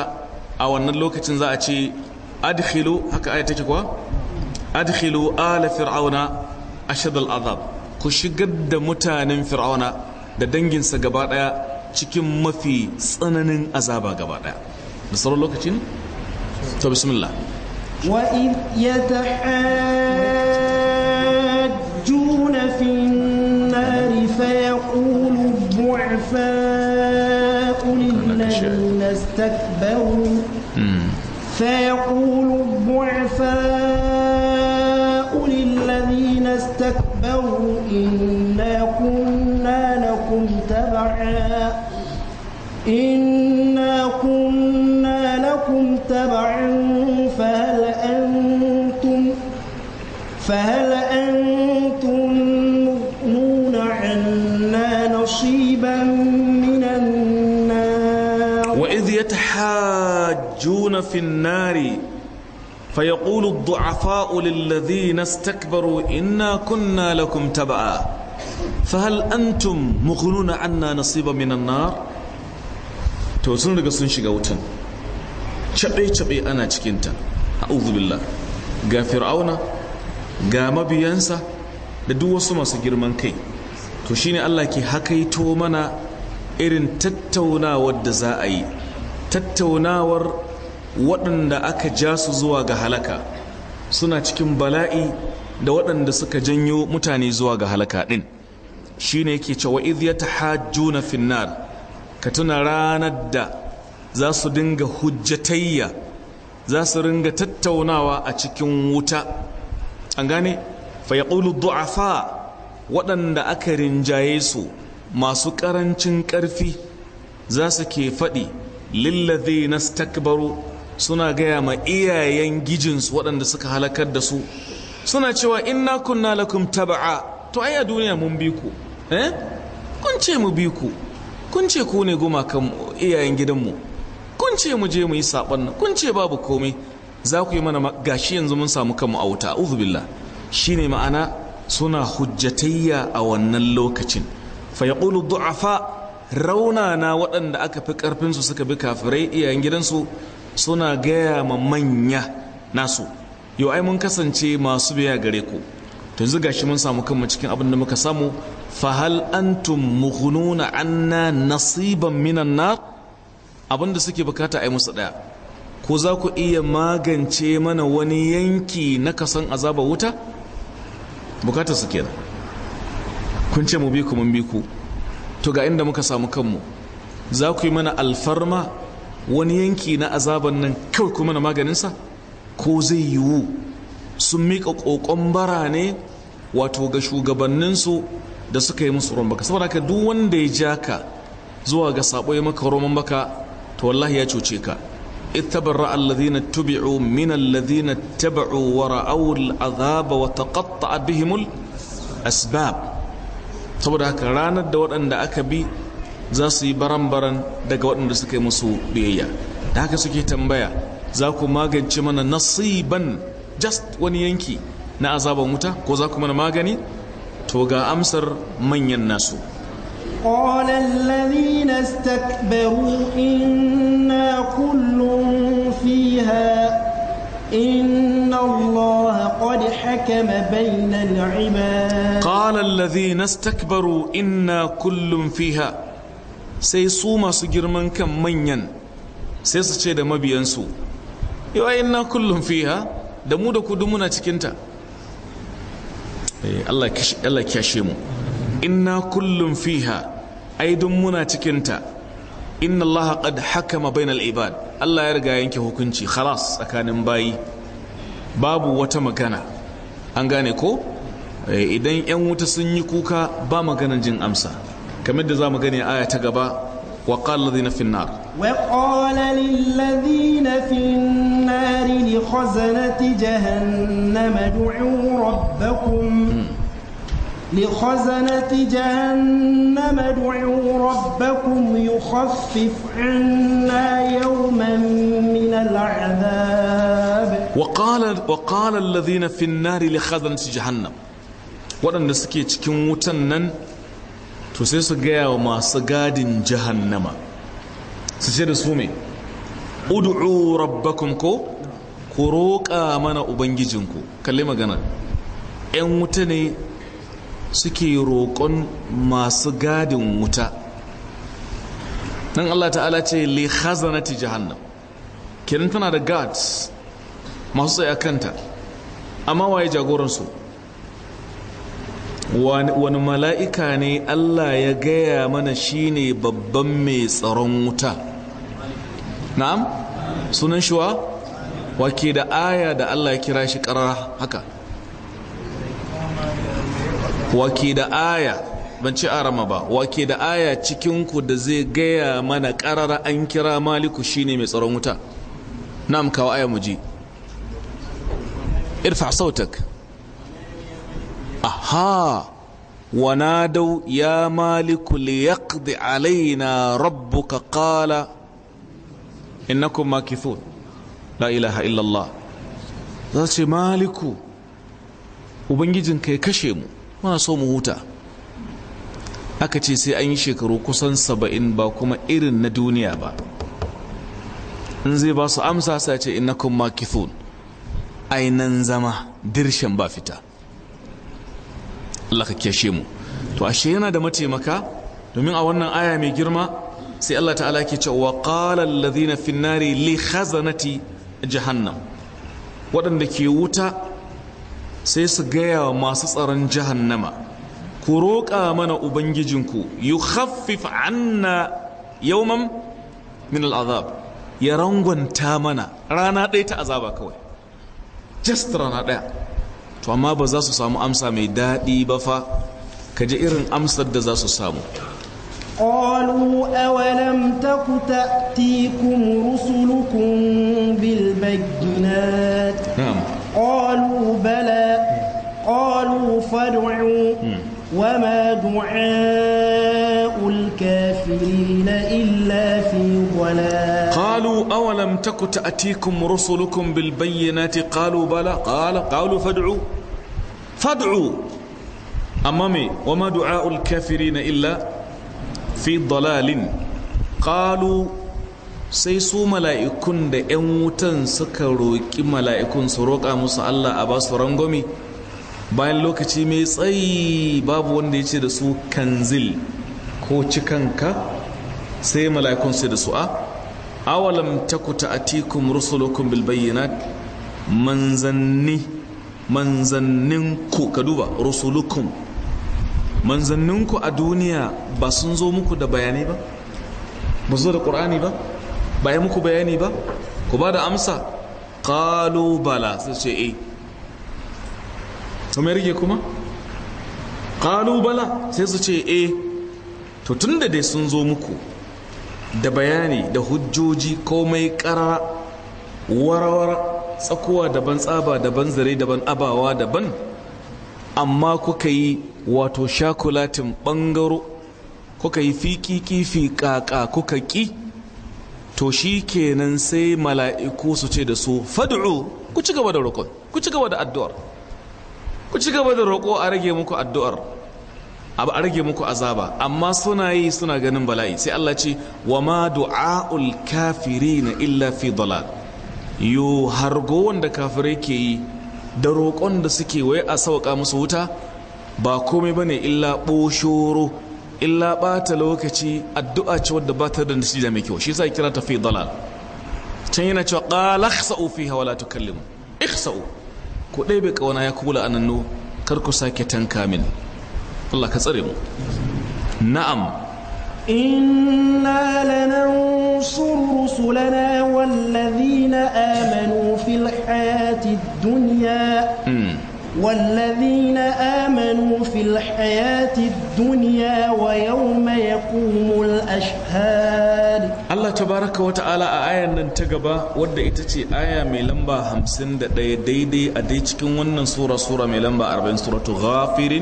a wannan lokacin za a ce adkhilu haka aya take kuwa adkhilu ala fir'auna ashad al-azab ku shigar da mutanen fir'auna da danginsa gaba daya cikin mafi tsananin azaba gaba ɗaya da sauran lokacin to bismillah wa in yatahajjuna fi an ya fa bu'afa ضعفاء Na استكبروا فيقول فهل أنتم مغنون عنا نصيبا من النار وإذ يتحاجون في النار فيقول الضعفاء للذين استكبروا إنا كنا لكم تبعا فهل أنتم مغنون عنا نصيبا من النار توسن daga sun shiga شقي cabe أنا ana cikin ta a'udhu billah ga mabiyansa da duk wasu masu girman kai to shi ne Allah ke hakaito mana irin tattaunawar da za a yi tattaunawar waɗanda aka ja su zuwa ga halaka suna cikin bala'i da waɗanda suka janyo mutane zuwa ga halaka ɗin ne yake cewa hajju na finnar ka tuna ranar da za su dinga hujjatayya za su ringa tattaunawa a cikin wuta an gane fa yaqulu du'afa waɗanda aka rinjaye su masu ƙarancin ƙarfi za su ke faɗi lillazi stakbaro suna gaya ma iyayen gijinsu waɗanda suka halakar da su suna cewa in inna kunna lakum taba'a to ai a duniya mun bi ku eh? kun ce mu bi ku kun ce ku ne gumakan iyayen gidanmu kun ce mu je mu yi saɓon nan kun ce babu komai za ku yi mana gashi yanzu mun samu kanmu a wuta a'udhu shi shine ma'ana suna hujjatayya a wannan lokacin fa yaqulu du'afa raunana waɗanda aka fi ƙarfinsu suka bi kafirai iyayen gidansu suna gaya ma manya nasu yau ai mun kasance masu biya gare ku to yanzu gashi mun samu kanmu cikin abin da muka samu fa hal antum muhununa anna nasiban minan nar abin da suke bukata a yi musu ɗaya ko za ku iya magance mana wani yanki na kasan azaba wuta bukatar su kenan kun ce mu bi ku mun bi to ga inda muka samu kanmu za ku yi mana alfarma wani yanki na azaban nan kawai ku mana maganinsa ko zai yiwu sun miƙa ƙoƙon bara ne wato ga shugabanninsu da suka yi musu rumbaka saboda haka duk wanda ya ja ka zuwa ga sabo ya maka roman baka to wallahi ya cuce ka اتبرأ الذين اتبعوا من الذين اتبعوا ورأوا العذاب وتقطعت بهم الأسباب saboda haka ranar da waɗanda aka bi za su yi baran-baran daga waɗanda suka yi musu biyayya da haka suke tambaya za ku magance mana nasiban just wani yanki na azaban wuta ko za ku mana magani to ga amsar manyan nasu قال الذين استكبروا إنا كل فيها إن الله قد حكم بين العباد قال الذين استكبروا إنا كل فيها sai su masu girman kan manyan sai su ce da mabiyansu yawayin na kullum fiha da mu da kudu muna cikinta Allah kyashe mu inna kullum fiha ai dun muna cikinta inna allaha qad hakama bainal ibad Allah ya riga yanke hukunci khalas tsakanin bayi babu wata magana an gane ko eh, idan yan wuta sun yi kuka ba maganan jin amsa kamar da zamu gani aya ta gaba wa qala alladhina fin nar wa qala lil ladhina fin nar li khazanati jahannama du'u rabbakum hmm. لخزنة جهنم ادعوا ربكم يخفف عنا يوما من العذاب وقال وقال الذين في النار لخزنة جهنم waɗanda suke cikin wutan nan to sai su gaya wa masu gadin jahannama su ce da su mai udu'u rabbakum ko ku roƙa mana ubangijinku kalli magana 'yan wuta ne suke roƙon masu gadin wuta nan Allah ta'ala ce li khazanati jahannam kenan tana da guards masu tsaye kanta amma waye jagoransu wani mala'ika ne Allah ya gaya mana shine babban mai tsaron wuta na'am sunan shi wake da aya da Allah ya kira shi ƙarar haka wake da aya ban ci arama ba wake da aya cikinku da zai gaya mana karara an kira maliku shine mai tsaron wuta na kawo aya mu ji irfa sautak aha wanadau ya maliku liyaqdi alaina rabbuka qala innakum makithun la ilaha illallah za ce maliku ubangijinka ya kashe mu muna so mu huta aka ce sai an yi shekaru kusan saba'in ba kuma irin na duniya ba in zai ba su amsa sace ce kuma kithun ainihin zama dirshen ba fita Allah ka kyashe mu to ashe yana da mataimaka domin a wannan aya mai girma sai Allah ta'ala ke ce wa qala alladhina fi nari li khazanati jahannam waɗanda ke wuta sai su gaya wa masu tsaron jahannama ku roƙa mana ubangijinku yu haffif anna yawman min al'azab ya rangwanta mana rana ɗaya ta azaba kawai just rana ɗaya to amma ba za su samu amsa mai daɗi ba fa ka ji irin amsar da za su samu قالوا أولم تك تأتيكم رسلكم بالبينات قالوا بلى قالوا فادعوا وما دعاء الكافرين إلا في ضلال قالوا أولم تك تأتيكم رسلكم بالبينات قالوا بلى قال قالوا فادعوا فادعوا أمامي وما دعاء الكافرين إلا في ضلال قالوا sai su mala'ikun da ‘yan wutan suka roƙi mala'ikun su roƙa musu Allah a basu rangwame bayan lokaci mai tsayi babu wanda ya ce da su kanzil ko cikanka sai mala'ikun sai da su a awalam takuta a tikun rusulokun bayyinat manzanni manzanninku ka duba rusulukum manzanninku a duniya ba sun zo muku da bayani ba ba zo da ƙur'ani ba ba yi muku bayani ba ku ba da amsa ƙalubala sai ce eh kamar mai kuma ƙalubala sai su ce eh to tun da dai sun zo muku da bayani da hujjoji komai ƙarara warawara tsakuwa daban tsaba daban zare daban abawa daban amma kuka yi wato shakulatin ɓangaro kuka yi fiƙiƙi ƙaƙa kuka ƙi to shi kenan sai mala'iku su ce da su fadu'u ku ci gaba da roƙon ku ci gaba da addu'ar ku ci gaba da roƙo a rage muku addu'ar a rage muku azaba amma suna yi suna ganin bala'i sai Allah ce wa ma du'a'ul na illa fi dalal yo hargo wanda kafirai ke yi da roƙon da suke wai a sauka musu wuta ba komai bane illa boshoro illa bata lokaci addu'a ce wadda ba ta da nasija mai kyau shi yasa kira ta fi dalal can yana cewa qala fiha wala tukallimu ikhsa'u ku ɗebe ƙauna ya kula anannu kar ku sake tanka min Allah ka tsare mu na'am إنا لننصر رسلنا والذين آمنوا في الحياة الدنيا والذين آمنوا في الحياة الدنيا ويوم يقوم الأشهاد الله تبارك وتعالى آية ننتقبة ودى إتتي آية ميلمبا همسن دي دي دي أديتكم ونن سورة سورة ميلمبا أربعين سورة غافر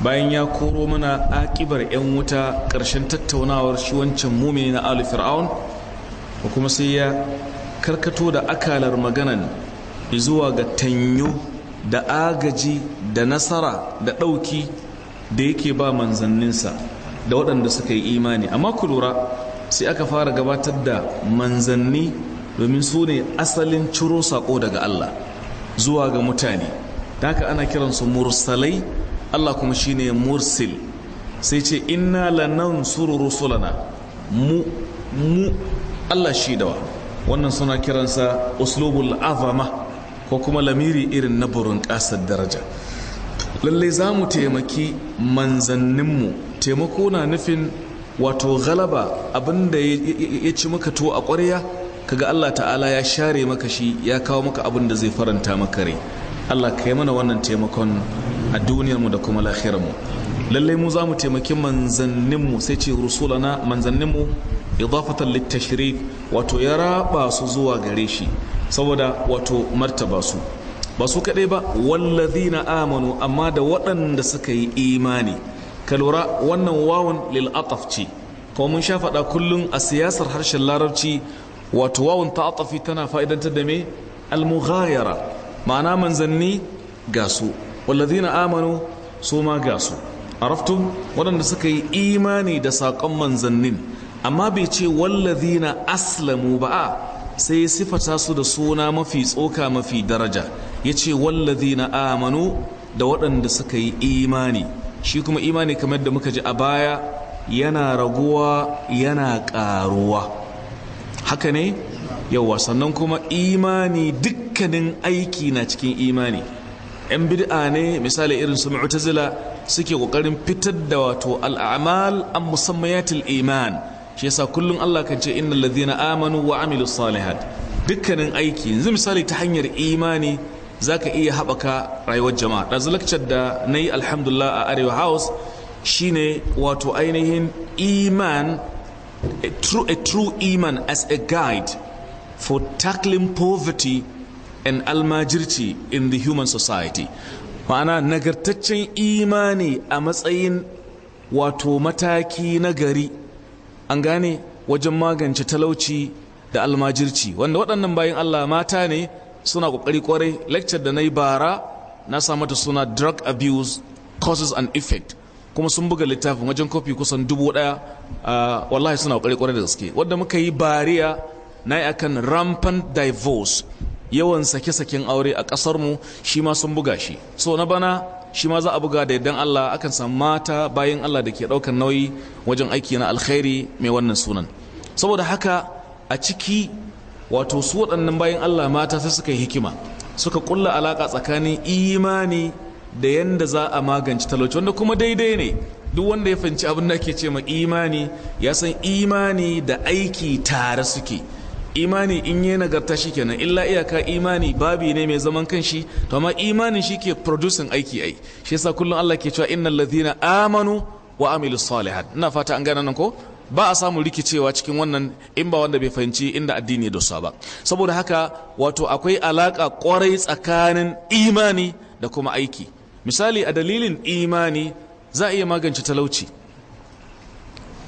bayan ya koro mana akibar 'yan wuta ƙarshen tattaunawar shi wancan mumini na ali fir'aun kuma sai ya karkato da akalar maganan zuwa ga tanyo da agaji da nasara da ɗauki da yake ba manzanninsa da waɗanda suka yi imani amma ku lura sai aka fara gabatar da manzanni domin su ne asalin ciro saƙo daga Allah zuwa ga mutane da haka ana kiransu mursalai Allah kuma shine mursil sai ce inna lanansuru rusulana mu mu Allah shi dawa wannan suna kiransa uslubul azama ko kuma lamiri irin na burin ƙasar daraja lallai za mu taimaki manzanninmu taimako na nufin wato galaba abinda ya ci maka to a ƙwarya kaga Allah ta'ala ya share maka shi ya kawo maka abin da zai faranta maka rai Allah ka yi mana wannan taimakon a duniyarmu da kuma lahirarmu lallai mu za mu taimaki manzanninmu sai ce rusulana manzanninmu idafatan littashrif wato ya raba su zuwa gare shi saboda wato martaba su ba su kaɗai ba wallazina amanu amma da waɗanda suka yi imani ka lura wannan wawan lil ce kuma mun sha faɗa kullum a siyasar harshen larabci wato wawan ta'atafi tana fa'idantar da me almughayara ma'ana manzanni ga su na amanu su ma ga su araftum waɗanda suka yi imani da saƙon manzannin amma bai ce wallazina aslamu ba a sai ya sifata su da suna mafi tsoka mafi daraja ya ce wallazina amanu da waɗanda suka yi imani shi kuma imani kamar da muka ji a baya yana raguwa yana ƙaruwa haka ne yawa sannan kuma imani dukkanin aiki na cikin imani 'yan bid'a ne misali irin su mu'tazila suke ƙoƙarin fitar da wato al'amal an musammayatul iman shi yasa kullum Allah kan ce innal ladhina amanu wa amilus salihat dukkanin aiki yanzu misali ta hanyar imani zaka iya haɓaka rayuwar jama'a ɗazu lakcar da nayi yi alhamdulillah a arewa house shine wato ainihin iman a true, a true iman as a guide for tackling poverty and almajirci in the human society ma'ana nagartaccen imani a matsayin wato mataki na gari an gane wajen magance talauci da almajirci wanda waɗannan bayan Allah mata ne suna ƙoƙari ƙwarai lecture da na yi bara na sa mata suna drug abuse causes and effect kuma sun buga littafin wajen kofi kusan dubu ɗaya ah, wallahi suna ƙoƙari ƙwarai da gaske wadda muka yi bariya na yi akan rampant divorce yawan sake-saken aure a ƙasarmu shi ma sun buga shi so na bana shi ma za a buga da yardan Allah akan samu mata bayan Allah da ke ɗaukar nauyi wajen aiki na alkhairi mai wannan sunan saboda haka a ciki wato su waɗannan bayan Allah mata sai suka yi hikima suka kulla alaƙa tsakanin imani da yanda za a magance talauci wanda kuma daidai ne duk wanda ya fahimci abin da ke ce ma imani ya san imani da aiki tare suke imani in yi nagarta shi kenan illa iyaka imani babi ne mai zaman kanshi to amma imanin shi ke producing aiki ai shi yasa kullum Allah ke cewa innal ladhina amanu wa amilus salihat ina fata an gane nan ko ba a samu rikicewa cikin wannan in ba wanda bai fahimci inda addini da ba saboda haka wato akwai alaka kwarai tsakanin imani da kuma aiki misali a dalilin imani za a iya magance talauci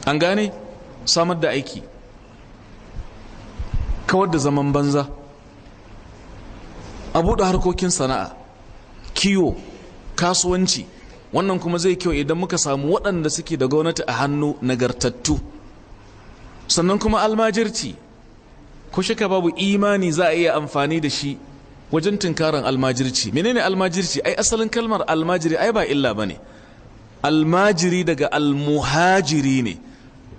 an gane samar da aiki kawar da zaman banza a buɗe harkokin sana'a kiwo kasuwanci wannan kuma zai kyau idan muka samu waɗanda suke da gwamnati a hannu nagartattu sannan kuma almajirci ko shika babu imani za a iya amfani da shi wajen tunkaran almajirci menene almajirci ai asalin kalmar almajiri ai ba illa bane almajiri daga almuhajiri ne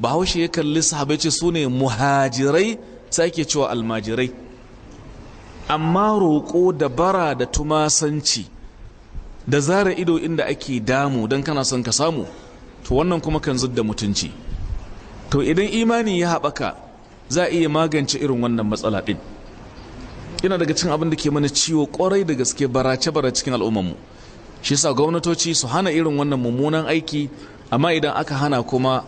bahaushe ya kalli sahabai ce su ne muhajirai sake cewa almajirai amma roƙo da bara da tumasanci da zara ido inda ake damu don kana son ka samu to wannan kuma kan zudda mutunci to idan imani ya haɓaka za a iya magance irin wannan matsala ɗin ina daga cin abin da ke mana ciwo ƙwarai da gaske barace-bara cikin mu shi sa gwamnatoci su hana irin wannan mummunan aiki amma idan aka hana kuma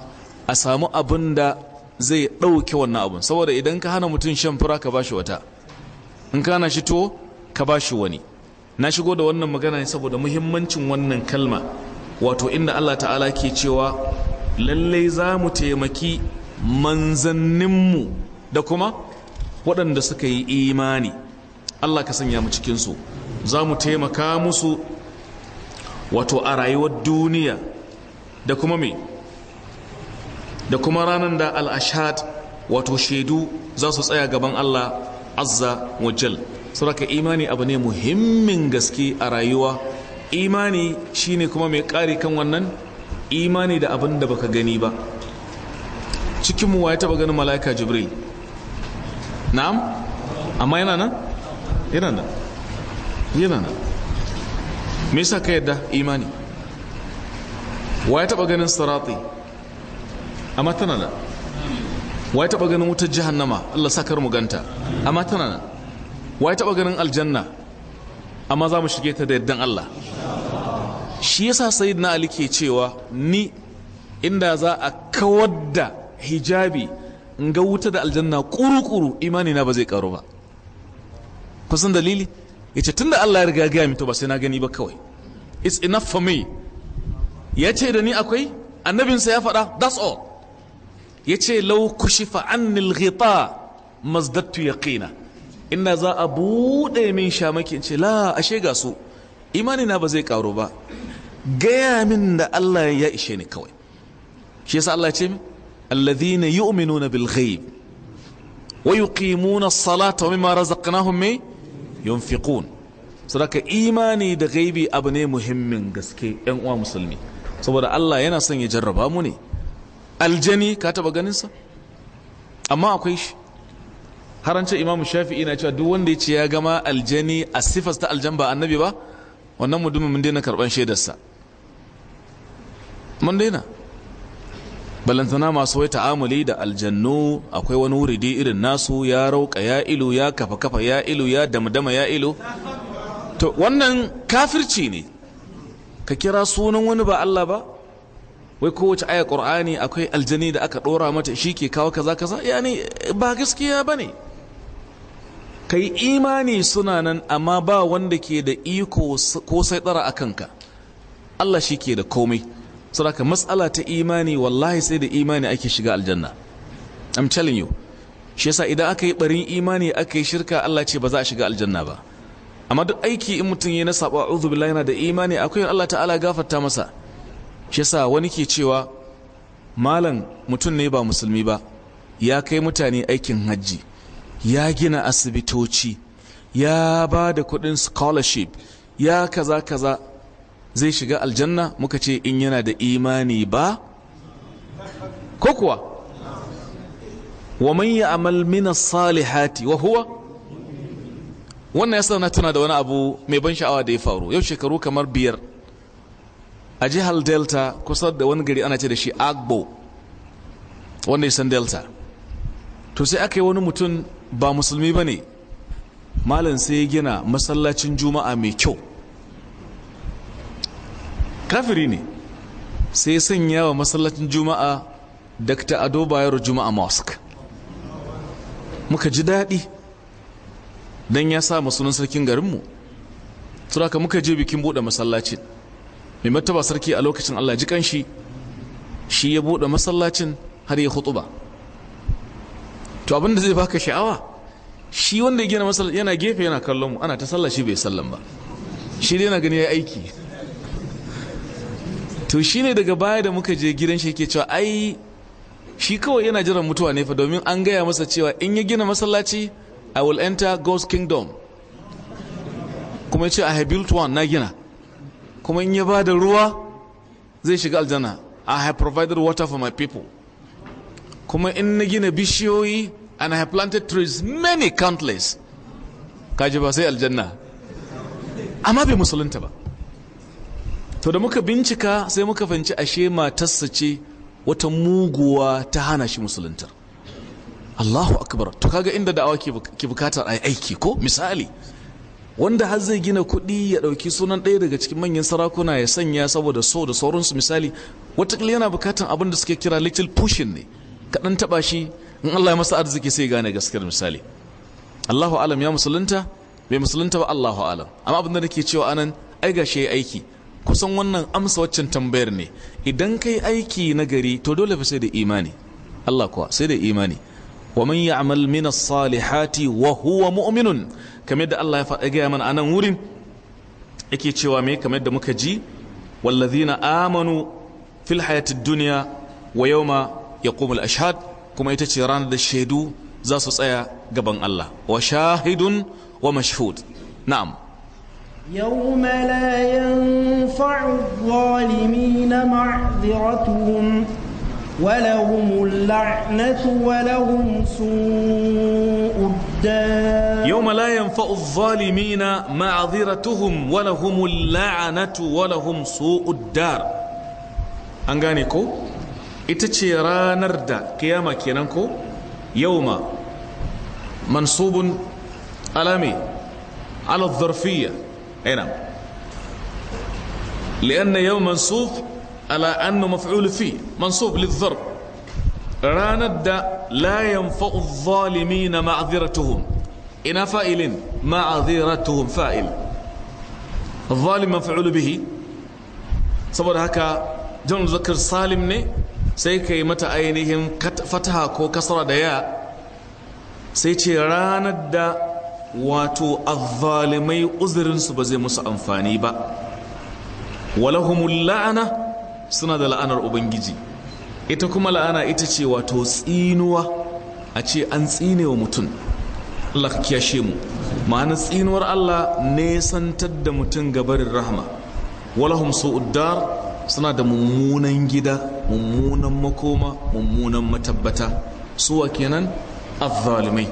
a samu abin da zai ɗauke wannan abun saboda idan ka hana mutum shan fura ka ba shi wata in ka hana shi to ka ba shi wani na shigo da wannan magana ne saboda muhimmancin wannan kalma wato inda Allah ta'ala ke cewa lallai za mu taimaki manzanninmu da kuma waɗanda suka yi imani Allah ka sanya mu cikinsu za mu taimaka musu wato a rayuwar duniya da kuma mai da kuma ranar da al wato shaidu za su tsaya gaban Allah azza wa jal saboda imani abu ne muhimmin gaske a rayuwa imani shine kuma mai kare kan wannan imani da abin da baka gani ba cikin mu waye taba ganin malaika jibril na'am amma yana nan yana nan yana nan me yasa ka yadda imani waye taba ganin sirati amma tana nan wai taba ganin wutar jahannama Allah sakar mu ganta amma tana nan wai taba ganin aljanna amma za mu shige ta da yardan Allah shi yasa sayyidina Ali ke cewa ni inda za a kawar da hijabi in ga wuta da aljanna kuru-kuru imani na ba zai karu ba kusan dalili ya ce tunda Allah ya riga gaya mito ba sai na gani ba kawai it's enough for me ya ce da ni akwai annabinsa ya faɗa that's all ya ce lau kushifa annil ghita mazdattu yaqina ina za a buɗe min shamaki ce la ashe ga su imani na ba zai ƙaru ba gaya min da Allah ya ishe ni kawai shi yasa Allah ce yi yu'minuna na ghaib wa yuqimuna na salata wa mimma razaqnahum mai yunfiqun sadaka imani da gaibi abu ne muhimmin gaske yan uwa musulmi saboda Allah yana son ya jarraba mu ne aljani ka taba ganinsa amma akwai shi harancin imamu shafi'i na cewa duk wanda ya ce ya gama aljani a sifas ta aljan ba annabi ba wannan mudumin mun daina karban shaidarsa mun daina balantana masu wai ta'amuli da aljannu akwai wani wuri wuridi irin nasu ya rauka ya ilu ya kafa kafa ya ilu ya damdama ya ilu to wannan kafirci ne ka kira sunan wani ba Allah ba wai kowace aya qur'ani akwai aljani da aka dora mata shi ke kawo kaza kaza yani ba gaskiya bane kai imani suna nan amma ba wanda ke da iko ko sai dara akan ka Allah shi ke da komai saboda matsala ta imani wallahi sai da imani ake shiga aljanna I'm telling you shi yasa idan aka yi barin imani aka yi shirka Allah ce ba za a shiga aljanna ba amma duk aiki in mutum ya na saba a'udhu billahi yana da imani akwai Allah ta'ala gafarta masa shi wani ke cewa malam mutum ne ba musulmi ba ya kai mutane aikin hajji ya gina asibitoci ya ba da kudin scholarship ya kaza kaza zai shiga aljanna muka ce in yana da imani ba ko kuwa wa man ya'mal min as-salihati wa huwa wannan yasa na tuna da wani abu mai ban sha'awa da ya faru yau shekaru kamar biyar a jihar delta kusa da wani gari ana ce da shi agbo wanda ya san delta to sai aka yi wani mutum ba musulmi ba ne malin sai ya gina masallacin juma'a mai kyau kafiri ne sai sanya wa masallacin juma'a dr ado bayero juma'a mosque muka ji daɗi don ya sa musulun sarkin garinmu turaka muka je bikin buɗe masallacin mai mataba sarki a lokacin Allah ji kanshi shi ya bude masallacin har ya khutuba to abin da zai baka sha'awa shi wanda ya gina masallaci yana gefe yana kallon mu ana ta sallah bai sallan ba shi dai yana gani ya aiki to shi ne daga baya da muka je gidan shi yake cewa ai shi kawai yana jiran mutuwa ne fa domin an gaya masa cewa in ya gina masallaci I will enter God's kingdom kuma ya ce I have built one na gina kuma in ya ba da ruwa zai shiga aljanna i have provided water for my people kuma in na gina bishiyoyi and i have planted trees many countless kaji ba sai aljanna amma bai musulunta ba to da muka bincika sai muka fahimci ashe matarsa ce wata muguwa ta hana shi musuluntar Allahu akbar to kaga inda da'awa ke bukatar ai aiki ko misali wanda har zai gina kuɗi ya ɗauki sunan ɗaya daga cikin manyan sarakuna ya sanya saboda so da sauransu misali watakila yana bukatan abin da suke kira little pushing ne kaɗan taɓa shi in Allah ya masa arziki sai gane gaskiyar misali Allahu alam ya musulunta bai musulunta ba Allahu alam amma abin da nake cewa anan ai gashi aiki kusan wannan amsa waccan tambayar ne idan kai aiki na gari to dole fa sai da imani Allah kuwa sai da imani wa man ya'mal min as-salihati wa huwa mu'minun kamar da Allah ya faɗa gaya mana a nan wurin yake cewa mai kamar da muka ji wallazina amanu fil hayatid duniya wa yawma yaqumul ashhad kuma ita ce ranar da shaidu za su tsaya gaban Allah wa shahidun wa mashhud na'am يوم لا ينفع الظالمين معذرتهم ولهم اللعنة ولهم سوء الدار لا ينفع الظالمين معذرتهم ولهم اللعنة ولهم سوء الدار أنغانيكو إتشيرا نردا قيامة كينانكو يوم منصوب ألامي على الظرفية نعم لأن يوم منصوب على أنه مفعول فيه منصوب للظرب رانا لا ينفع الظالمين معذرتهم ina fa'ilin ma'aziratuhum fa'il zalim maf'ul bihi saboda haka jan zakar salim ne sai ka mata ainihin fataha ko kasara da ya sai ce ranar da wato azzalimai uzurinsu ba zai musu amfani ba walahumul la'ana suna da la'anar ubangiji ita kuma la'ana ita ce wato tsinuwa a ce an tsinewa mutum Allah mu ma'ana tsinuwar Allah nesantar da mutum gabarin rahama walahum su'uddar suna da mummunan gida mummunan makoma mummunan matabbata suwa kenan azzalimai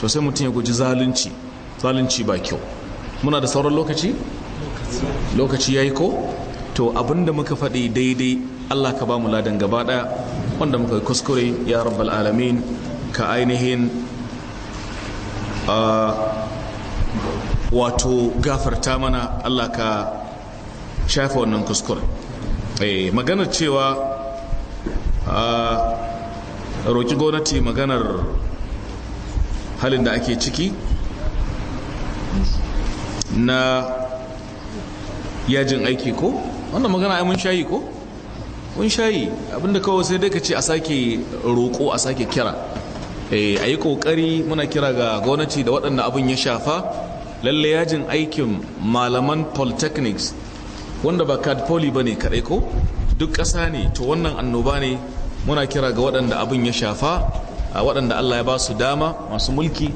to sai mutum ya guji zalunci zalunci ba kyau muna da sauran lokaci lokaci yayi ko to abinda muka faɗi daidai Allah ka ba mu ladan gaba ɗaya wanda muka kuskure ya rabbal alamin ka ainihin wato gafarta mana Allah ka shafa wannan kuskure eh, maganar cewa roƙi gwamnati maganar halin da ake ciki na yajin aiki ko wannan magana ai mun shayi ko mun shayi abinda kawai sai dai ka ce a sake roƙo a sake kira Eh, a yi kokari muna kira ga gwamnati da waɗanda abin ya shafa lalle yajin aikin malaman polytechnics wanda ba kadpoli ba ne kaɗai ko duk ƙasa ne to wannan annoba ne muna kira ga waɗanda abin ya shafa a waɗanda allah ya ba su dama masu mulki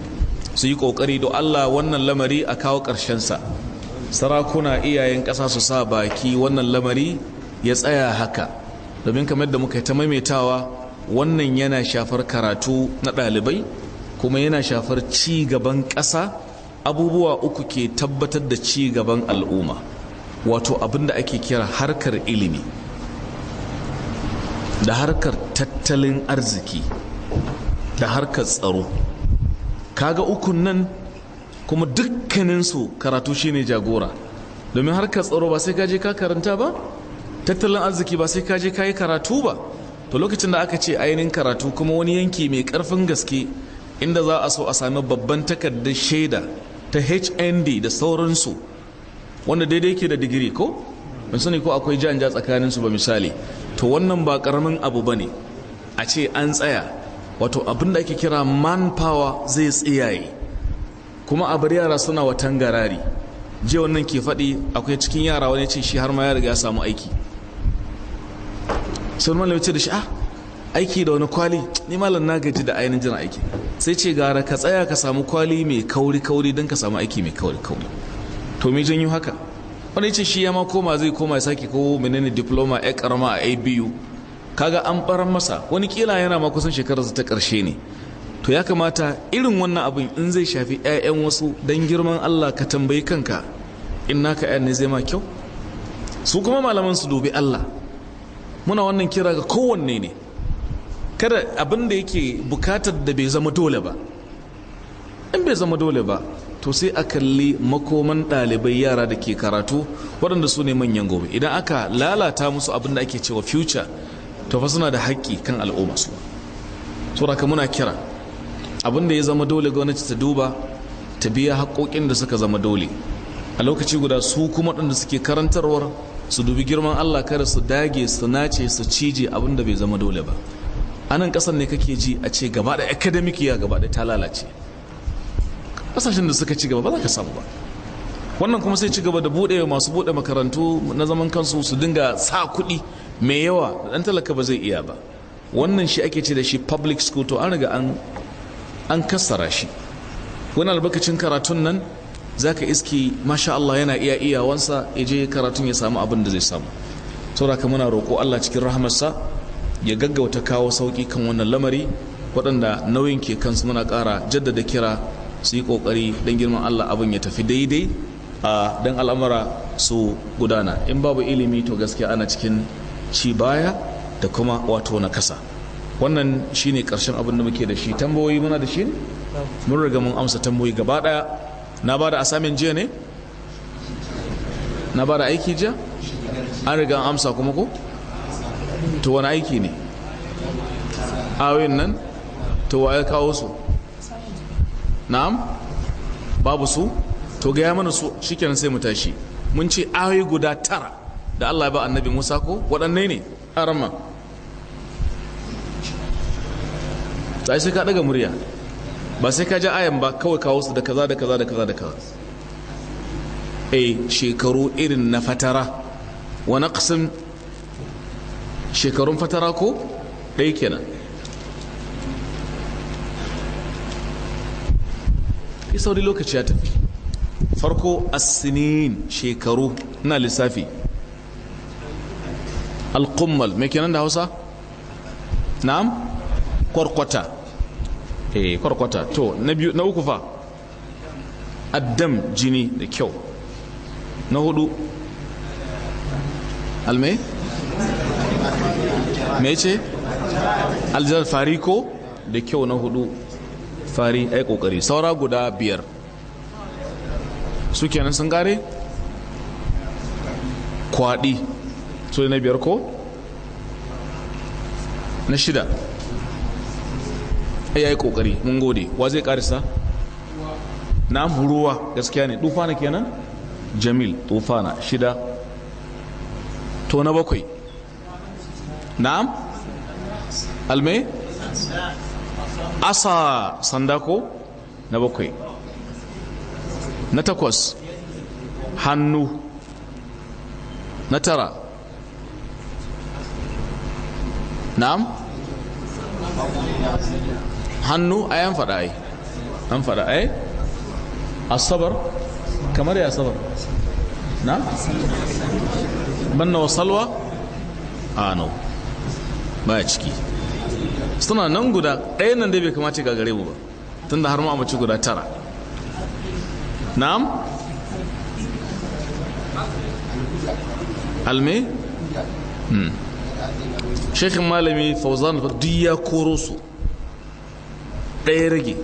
su yi kokari do allah wannan lamari a kawo ƙarshensa sarakuna iyayen ƙasa su sa baki wannan lamari ya tsaya haka domin kamar da muka yi ta maimaitawa wannan yana shafar karatu na ɗalibai kuma yana shafar ci gaban ƙasa abubuwa uku ke tabbatar da ci gaban al'umma wato abin da ake kira harkar ilimi da harkar tattalin arziki da harkar tsaro kaga ukun nan kuma dukkaninsu karatu shine jagora domin harkar tsaro ba sai kaje ka karanta ba tattalin arziki ba sai kaje ka yi karatu ba to lokacin da aka ce ainihin karatu kuma wani yanki mai karfin gaske inda za a so a sami babban takardar shaida ta hnd da sauransu wanda daidai ke da digiri ko ban sani ko akwai jan tsakanin tsakaninsu ba misali to wannan ba karamin abu ba ne a ce an tsaya wato abin da ake kira manpower zai tsayaye kuma a bar yara suna watan garari jiya wannan ke faɗi akwai cikin yara wani ce shi har ma ya riga samu aiki sai wani malam ya ce da shi ah aiki da wani kwali ni malam na gaji da ainihin jin aiki sai ce gara ka tsaya ka samu kwali mai kauri kauri don ka samu aiki mai kauri kauri to me janyo haka wani ce shi ya ma koma zai koma ya sake ko menene diploma ya karama a abu kaga an baran masa wani kila yana ma kusan shekararsa ta karshe ne to ya kamata irin wannan abin in zai shafi ƴaƴan wasu dan girman allah ka tambayi kanka in naka ƴan ne zai ma kyau su kuma malaman su dubi allah muna wannan kira ga kowanne ne kada abin da yake bukatar da bai zama dole ba in bai zama dole ba to sai a kalli makoman ɗalibai yara da ke karatu waɗanda su ne manyan gobe idan aka lalata musu abin da ake cewa future to fa suna da haƙƙi kan al'umma su ka muna kira abin da ya zama dole gwamnati ta duba ta biya haƙoƙin da suka zama dole a lokaci guda su kuma waɗanda suke karantarwar su dubi girman Allah kada su dage su nace su cije abin da bai zama dole ba anan kasar ne kake ji a ce gaba da academic ya gaba da ta lalace kasashen da suka ci gaba ba za ka samu ba wannan kuma sai ci gaba da bude masu buɗe makarantu na zaman kansu su dinga sa kuɗi mai yawa da dan talaka ba zai iya ba wannan shi ake ce da shi public school to an riga an kassara shi wani albarkacin karatun nan Za ka iski masha Allah yana iya iyawansa ya je karatun ya samu abin da zai samu ka muna roƙo Allah cikin rahamarsa ya gaggauta kawo sauki kan wannan lamari waɗanda nauyin ke kansu muna ƙara jaddada kira su yi ƙoƙari don girman Allah abin ya tafi daidai a don al'amura su gudana in babu ilimi to gaskiya ana cikin ci baya da kuma wato na kasa wannan shine ƙarshen abin da muke da shi tambayoyi muna da shi mun riga mun amsa tambayoyi gaba ɗaya na ba da asamin jiya ne na ba da aiki jiya an riga an amsa kuma ko to wani aiki ne ayoyin nan to wa ya kawo su na'am babu su to gaya mana su shikenan sai mu tashi mun ce awi guda tara da Allah ya ba annabi Musa ko waɗanne ne arama sai ka daga murya ba sai ka ji ayan ba kawai kawo su da kaza da kaza da kaza da kaza eh shekaru irin na fatara wa naqsin shekarun fatara ko ɗaya kenan yi sauri lokaci ya tafi farko asinin shekaru na lissafi alƙummal mai kenan da hausa na'am kwarkwata eh kwarkwata to na biyu na uku fa addam jini da kyau na hudu alme me ce aljar fariko da kyau na hudu fari ai kokari saura guda biyar su kenan sun gare kwadi so na biyar ko na shida ya yi kokari mun gode wa zai karisa na ruwa gaskiya ne tufana kenan jamil tufana shida to na bakwai na'am almai asa sanda ko na bakwai na takwas hannu na tara na'am hannu a yan fada ai an fada ai asabar kamar ya asabar na banna wasalwa a no baya ciki suna nan guda ɗaya nan da bai kamata ga gare mu ba tun da har ma mace guda tara na'am hmm. shekhin malami fauzan duk ya koro su ɗaya rage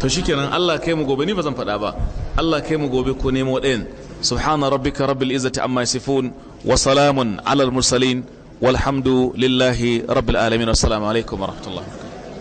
to kenan Allah kai mu gobe ni ba zan faɗa ba Allah kai mu gobe ko nemo ɗayan subhana rabbika rabbil izzati amma yasifun wa salamun alal mursalin walhamdu lillahi rabbil alamin assalamu alaikum wa rahmatullahi